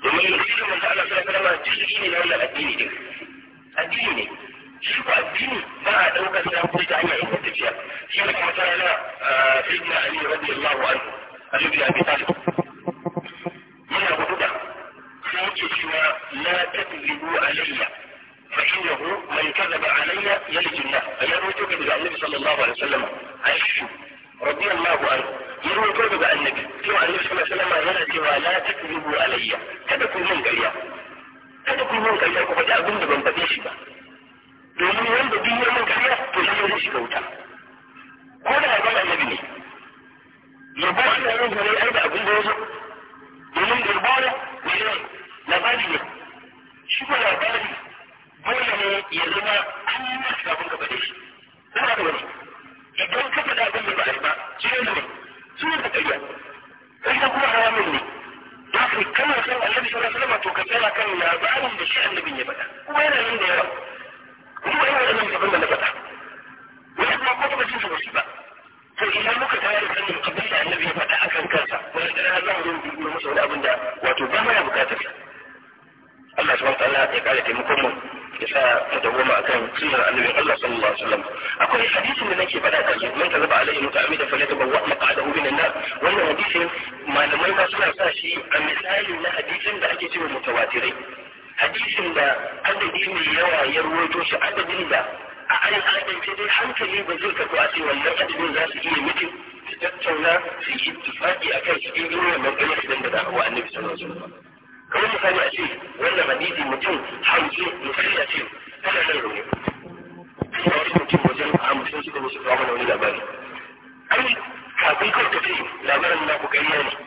domin yanzu da manzo Allah sallallahu alaihi wasallam jiki ne na wannan addini din addini ne shi ko addini ba a ɗaukar ta ko ta hanyar ingantacciya shi ne kuma tana na eh, sayyidina ali radiyallahu anhu a lokacin da kun kai ta ce labarin na ku ƙarya ne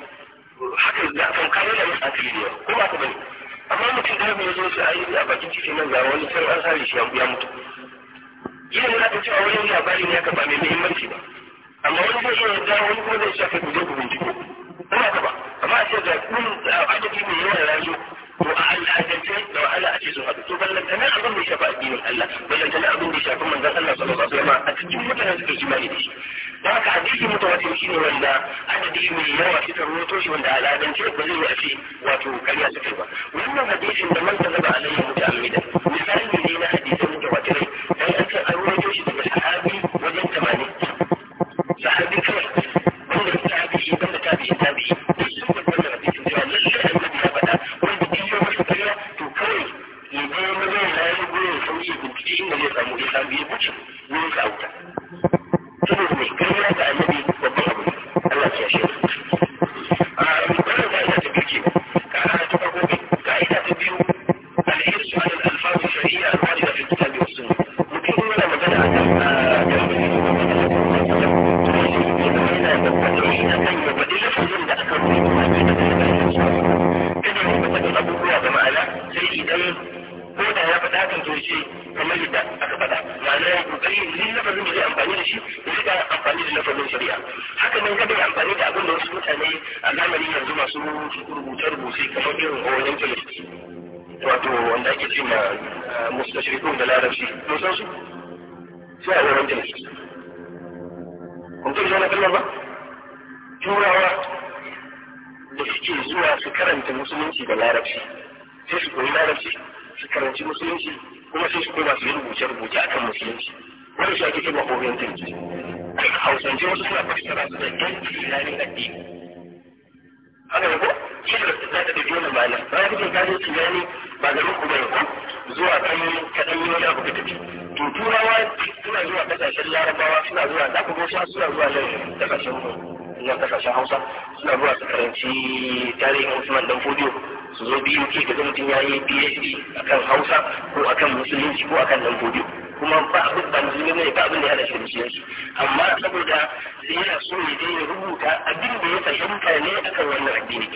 haka da kan kawo da masu asali ne ko ba ku bane amma mutum da ya zo shi a a bakin titi nan ga wani sai an sare shi ya mutu ilimin na ta cewa wani labari ne aka ba mai muhimmanci ba amma wani zai iya yarda wani kuma zai shafe ku je ku binciko kuma ka ba amma a ce ga kun adadi mai yawan rayu to a al'adance da wahala a ce sun haɗu to ballantana abin da ya shafi addinin Allah ballantana abin da ya shafi manzon Allah sallallahu alaihi wasallam a cikin mutanen suka imani da shi da haka hadisi mutawatir shi ne wanda adadi mai yawa suka rawaito shi wanda al'adance ba zai a ce wato karya suka ba wannan hadisin da man kazaba alayhi muta'ammidan misali ne na hadisin mutawatir dan an ce an rawaito shi daga sahabi wajen 80 sahabi kawai sai a wurin tauhidi kun fi kalmar ba turawa da suke zuwa su karanta musulunci da larabci sai su koyi larabci su karanci musulunci kuma sai su koma su yi rubuce-rubuce akan musulunci wani shi ake kima orientalist hausance wasu suna fassara su da ganci ilanin addini haka ne ko shi da za ta ɗauki wannan bayanan bayan kuke yi tunani ba garin ku zuwa kan kaɗan yi wani abu ka tafi to turawa suna zuwa kasashen larabawa suna zuwa da kuma suna zuwa nan kasashen nan kasashen hausa suna zuwa su karanci tarihin usman dan fodiyo su zo biyu ke ga mutum ya yi phd akan hausa ko akan musulunci ko akan dan fodiyo kuma ba abin ba musulmi ne ba abin da yana shirye shi amma saboda yana so ya je ya rubuta abin da ya fahimta ne akan wannan addini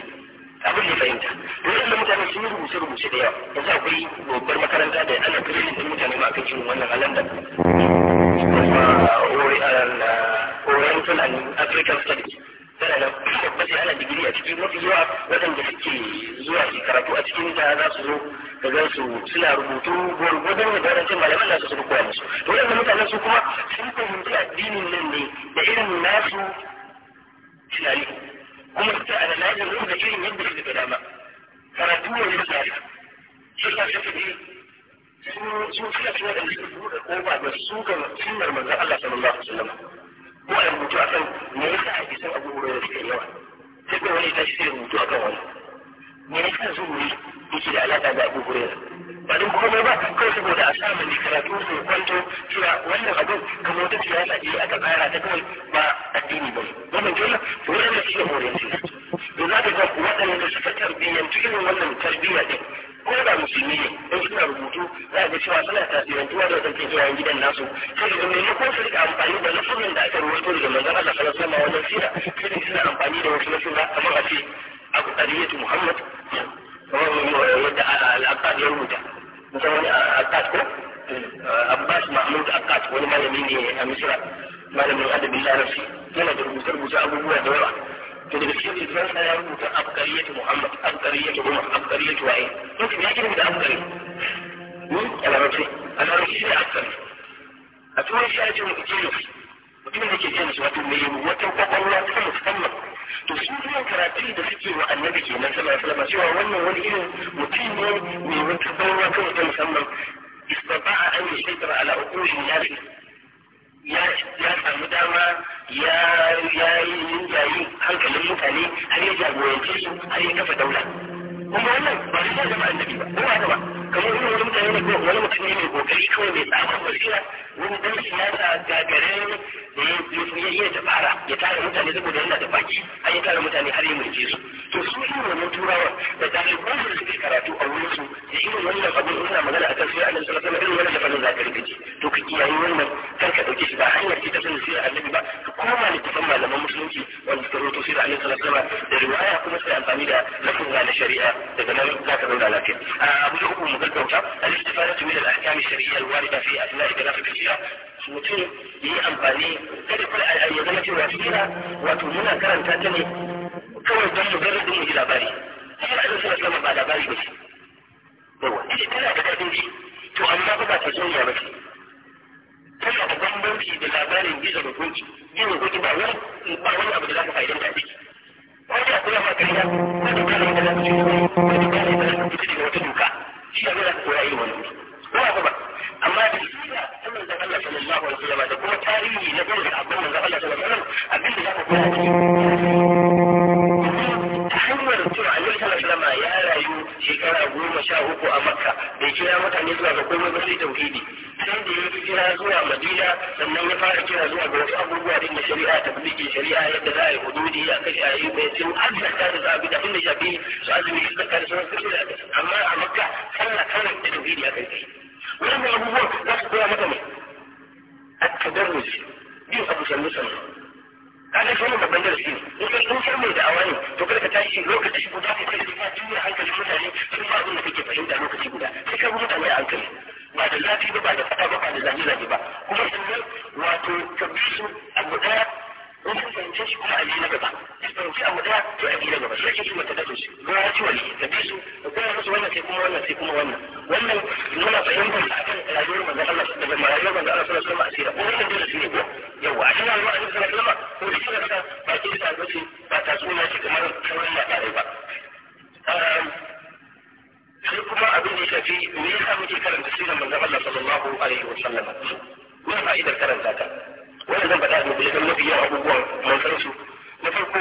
abin ya fahimta dole da mutane sun yi rubuce rubuce da yawa yanzu akwai babbar makaranta da ana training din mutane ba kan irin wannan a London um, Oriental and African Studies tana da babbar sai ana digiri a cikin mafi yawa waɗanda suke zuwa su karatu a cikin ta za su zo da za su suna rubutu gwargwadon da garancin malaman da su su koya musu to waɗanda mutanen su kuma sun fahimci addinin nan ne da irin nasu tunani kuma su a lalajin ruwan da irin yadda su da dama karatu ne da tsari shi ka shi ne su suna ci waɗanda suka buɗe ƙofa da su ga sunnar manzon Allah sallallahu alaihi wa sallam ko a rubutu akan me yasa ake son abu da suka yawa sai ko wani ta shi sai rubutu akan wani ne na kan zuhuri yake da alaƙa da abu hurera ba don komai ba kawai saboda a samun ne karatu su kwanto cewa wannan abin kamar wata siyasa ce aka tsara ta kawai ba addini ba wannan jona wurin da suke horin su to za ka ga waɗanda suka tarbiyyantu irin wannan tarbiyya ɗin ko da musulmi ne in suna rubutu za ga cewa suna tasirantuwa da wadancan iyayen gidan nasu sai da maimakon su rika amfani da lafazin da aka ruwaito daga manzon Allah sallallahu alaihi wasallam wannan sira sai suna amfani da wasu lafazin kamar a ce أبقالية محمد فهو من يدعى الأبقال يرمجه مثلا أبقاتكو أبقاش محمود أبقات ولما يميني أمسرة ما لم يؤدي بالله نفسي كما جرب سرب سأبو بوا دورا كده بسيط الفرنسة يرمج أبقالية محمد أبقالية عمر أبقالية وعين ممكن يجب أن أبقالي مين؟ أنا رجل أنا رجل أكثر أتوى الشيء أجل مكتينك وكما نكتينك وكما يبوا وكما قبلوا أكثر مكتينك to shi zuwan karatun da suke wa annabi ke na sallallahu alaihi wasallam cewa wannan wani irin mutum ne mai wata bawa kawai ta musamman istata'a an yashtar ala uqulin nasi ya ya samu dama ya ya yi rinjayi hankalin mutane har ya jagorance su har ya kafa daula kuma wannan ba shi da annabi ba ko ba ba kamar irin wani mutane ne ko wani mutum ne mai kokari kawai mai tsaba basira wani dan siyasa gagarin ya iya dabara ya tara mutane saboda yana da baki an ya tara mutane har ya mulke su to su irin wannan turawan da ɗaliban da suke karatu a wurin su da irin wannan abin suna magana akan sai annabi sallallahu alaihi irin wannan lafazin za ka rikice to ka kiyaye wannan kar ka dauke shi ba hanyar ce ta sanin sai annabi ba ka koma littafin malaman musulunci wanda suka rubuto sai da annabi sallallahu alaihi wasallam da riwaya kuma sai amfani da lafazin na shari'a daga nan za ka zauna lafiya abu da uku mu gaggauta al-istifadatu min al-ahkam al-shar'iyya al-warida fi asma'i khilaf al-hijra mutum ya yi amfani kada kuma ya zama cewa sira wato muna karanta ta ne kawai don mu garin mu ji labari sai ba su suna ba labari ba shi yawa ita tana da karfin ji to amma ba ba ta soyayya ba ce tana da bambanci da labarin gizo da goki gizo goki ba wani ba wani abu da za ka fa'idan da shi wani ya kula ma kariya wani kare da lafiya wani kare da lafiya da wata duka shi ya za ka koya irin wani ko ba ba amma da sirra ta da Allah sallallahu alaihi wasallam da kuma tarihi na gurbin abin manzon Allah sallallahu alaihi wasallam abin da ya koya cikin ta hanyar cewa Allah sallallahu alaihi ya rayu shekara goma sha uku a Makka bai kira mutane zuwa ga komai ba sai tauhidi sai da ya kira zuwa Madina sannan ya fara kira zuwa ga wasu abubuwa din da shari'a ta buɗe shari'a yadda za a yi hududi a kai a yi bai cin azzaka da zabi da inda shafi su azumi da karshen su amma a Makka sallah kawai da tauhidi a kai wannan abubuwan za su koya maka ne a tadarruj bin abu sannu sannu kaga shi ne babban darasi ne in kai in kai mai da'awa ne to kada ka tashi lokaci guda ka kai da jiya hankalin mutane sun ba abin da kake fahimta lokaci guda sai ka bi mutane a hankali ba da zafi ba ba da fada ba ba da zage zage ba kuma sannan wato ka bi su abu daya in sun fahimce shi kuma aji na gaba sun fahimci abu daya to aji na gaba shi ake cewa tadarusi gwara ci wani, da bi su da koya musu wannan sai kuma wannan sai kuma wannan wannan muna fahimtar da kan rayuwar manzon Allah da daga rayuwar manzon Allah sallallahu alaihi wasallam asira ko wannan dole shi ne ko yawa a cikin rayuwar Allah sallallahu alaihi wasallam ko shi kansa ba ke da ba ta suna shi kamar sauran labarai ba sai kuma abin da ya shafi me yasa muke karanta sirrin manzon Allah sallallahu alaihi wasallam abubuwan mun na farko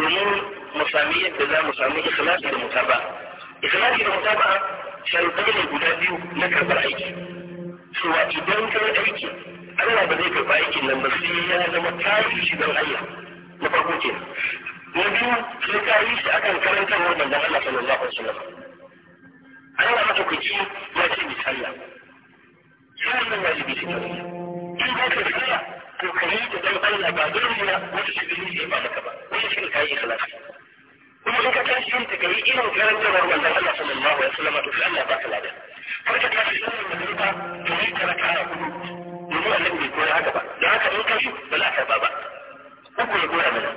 yi domin yadda za sami ikhlasi da mutaba ikhlasi guda biyu na aiki cewa ka aiki Allah ba zai karɓa nan ba ya zama shi don Allah na akan Allah sallallahu alaihi mata ya ce misali sai wannan wajibi shi matsayin Allah ba zulmi na wata shi zulmi ne ba maka ba wannan shi ne yi ikhlasi kuma in ka tashi yin ta kai irin karantarwar manzon Allah sallallahu alaihi wasallam to sai Allah ba ka lada har ka tashi yin magana to yi karaka a kudu domin annabi bai koyar haka ba da haka in ka shi ba za ka ba ba uku ya koya mana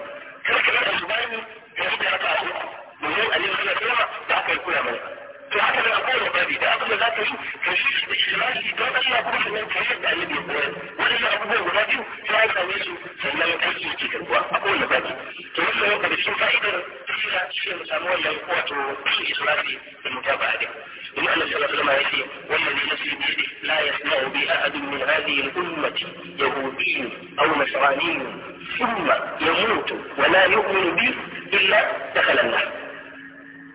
kar ka yi alzubani ka yi da haka a uku domin annabi sallallahu alaihi wasallam ba ka koya mana فهكذا أقول عبادي ده أقول لا تجوز تجوز بإجمالي ده أن أقول من تريد أن يبقى ولا أقول عبادي فهذا ويسو فلا يتأيي كده وأقول عبادي تقول له قد في فائدة فيها شيء مسامو اللي قوة في إجمالي المتابعة دي إن أنا صلى الله عليه وسلم والذي نفسي بيده لا يسمع بأحد من هذه الأمة يهودي أو نصراني ثم يموت ولا يؤمن بي إلا دخل النار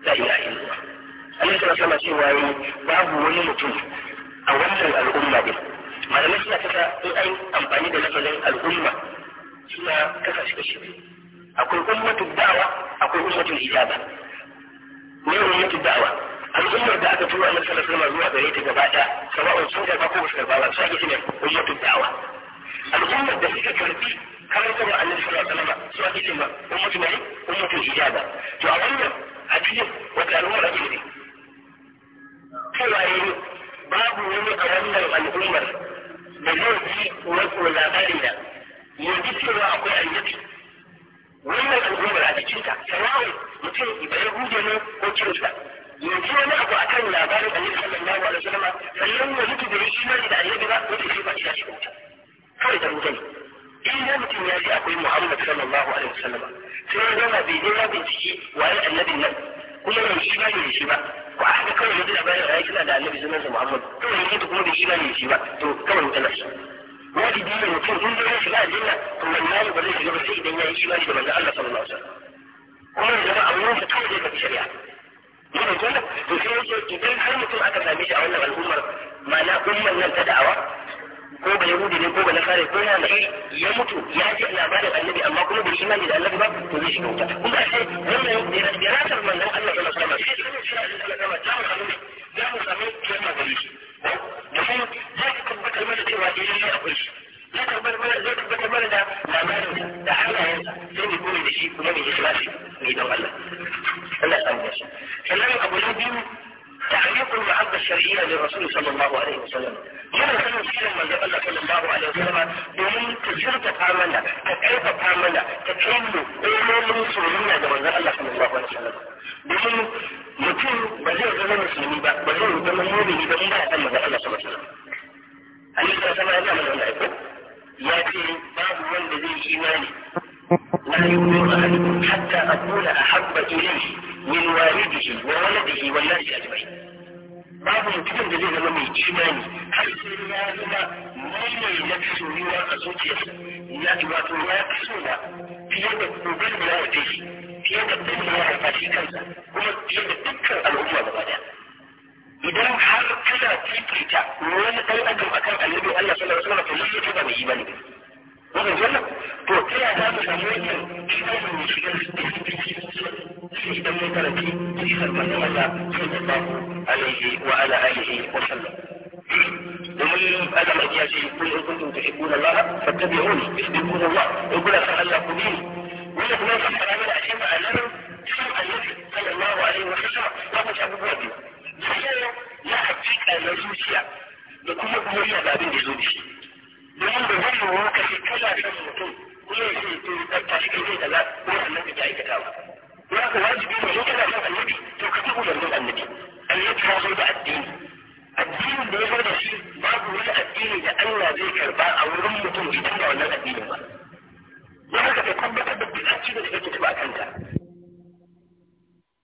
لا إله إلا الله Allah ta sama cewa yi babu wani mutum a wannan al'umma din malamai suna kasa in an amfani da lafazin al'umma suna kasa shi kashi akwai ummatu da'wa akwai ummatul ijaba ne ummatu da'wa al'ummar da aka tura annabi sallallahu alaihi zuwa gare ta gaba ɗaya sawa'un sun karba ko su karba ba su ake cewa ummatul da'wa al'ummar da suka karbi karantarwa annabi sallallahu alaihi wasallam su ake cewa ummatu ne ummatul ijaba to a wannan hadisin wata al'ummar ake ne cewa yi babu wani a wannan al'ummar da zai ji wasu labari da ya ji cewa akwai annabi wannan al'ummar a ta sana'ar mutum ibai hude ne ko kirista ya ji wani abu a kan labarin annabi sallallahu da wasallam sannan ya mutu da imani da annabi ba ko da shi ba shi wuta kawai da wuta in ya mutum ya ji akwai muhammad sallallahu alaihi wasallam sai ya gama bai je ya bincike waye annabin nan kuma bai shi ba ne shi ba ko a ga kawai mutum a bayan rayu kina da annabi sunan sa Muhammad kawai yake ta kuma bai imani shi ba to kawai mutum shi wajibi ne mutum in dai ya shiga aljanna to wallahi ba zai shiga ba sai idan ya yi imani da manzon Allah sallallahu alaihi wasallam kuma da a wurin sa kawai zai tafi shari'a yana kuma to sai yake idan har mutum aka same shi a wannan al'ummar ma'ana ummar nan ta da'awa ko ba yahudi ne ko ba nasara ko yana mai ya mutu ya ji labarin annabi amma kuma bai imani da annabi ba to zai shiga wuta kun sai wannan da ratar manzon Allah sallallahu alaihi wasallam sai da shi Allah sallallahu alaihi mu samu kiyama gare shi da kuma za ka mana cewa eh, idan ya akwai shi ya tabbatar mana zai tabbatar mana da labarin da halayen sai mu koyi da shi kuma mu ikhlasi ne don Allah Allah ya samu shi sannan abu na biyu تعليق المحبة الشرعية للرسول صلى الله عليه وسلم من كان فيه من قال الله صلى الله عليه وسلم بمن تجر تتعاملنا كيف تتعاملنا تكلم بمن مسلمين هذا من قال الله صلى الله عليه وسلم بمن مكين بزير غير مسلمين بزير غير مسلمين بمن لا تم قال الله صلى الله عليه وسلم هل يجب أن تسمع هذا من قال لكن بعض من بذير إيماني لا يؤمن حتى أقول أحب إليه min walidihi wa waladihi wal nasi ajma'in babu mutumin da zai zama mai imani har sai ya zama mai ya soyuwa a zuciyarsa ya ji wato ya kaso da fiye da kokarin da ya shi, fiye da ɗan da ya haifa shi kansa kuma fiye da dukkan al'umma gaba ɗaya. idan har kana fifita wani ɗan adam akan annabi Allah sallallahu alaihi wasallam to lalle ba mai imani ba wannan to ta yaya za mu samu wannan imanin shigar da shi dan mun karanci sihar manzon Allah sallallahu alaihi wa ala alihi wa sallam domin adam ya ce kun in kuntum tuhibbuna Allah fattabi'uni yuhibbukum Allah in kuna san Allah ku bi wannan kuma shi karamin a cikin ma'anar san annabi sallallahu alaihi wa sallam ya ku shafi buwa biyu soyayya na hakika na zuciya da kuma goyayya abin da ya zo da shi domin da zai yiwu shi kana mutum kuma ya ce to ka tashi kai kaza ko annabi ta aikata ba ya ka wajibi ne in kana son annabi to ka tafi da annabi annabi ya zo da addini addinin da ya zo da shi babu wani addini da Allah zai karba a wurin mutum idan ba wannan addinin ba ya ka tabbatar da bid'a ce da ta tafi a kanta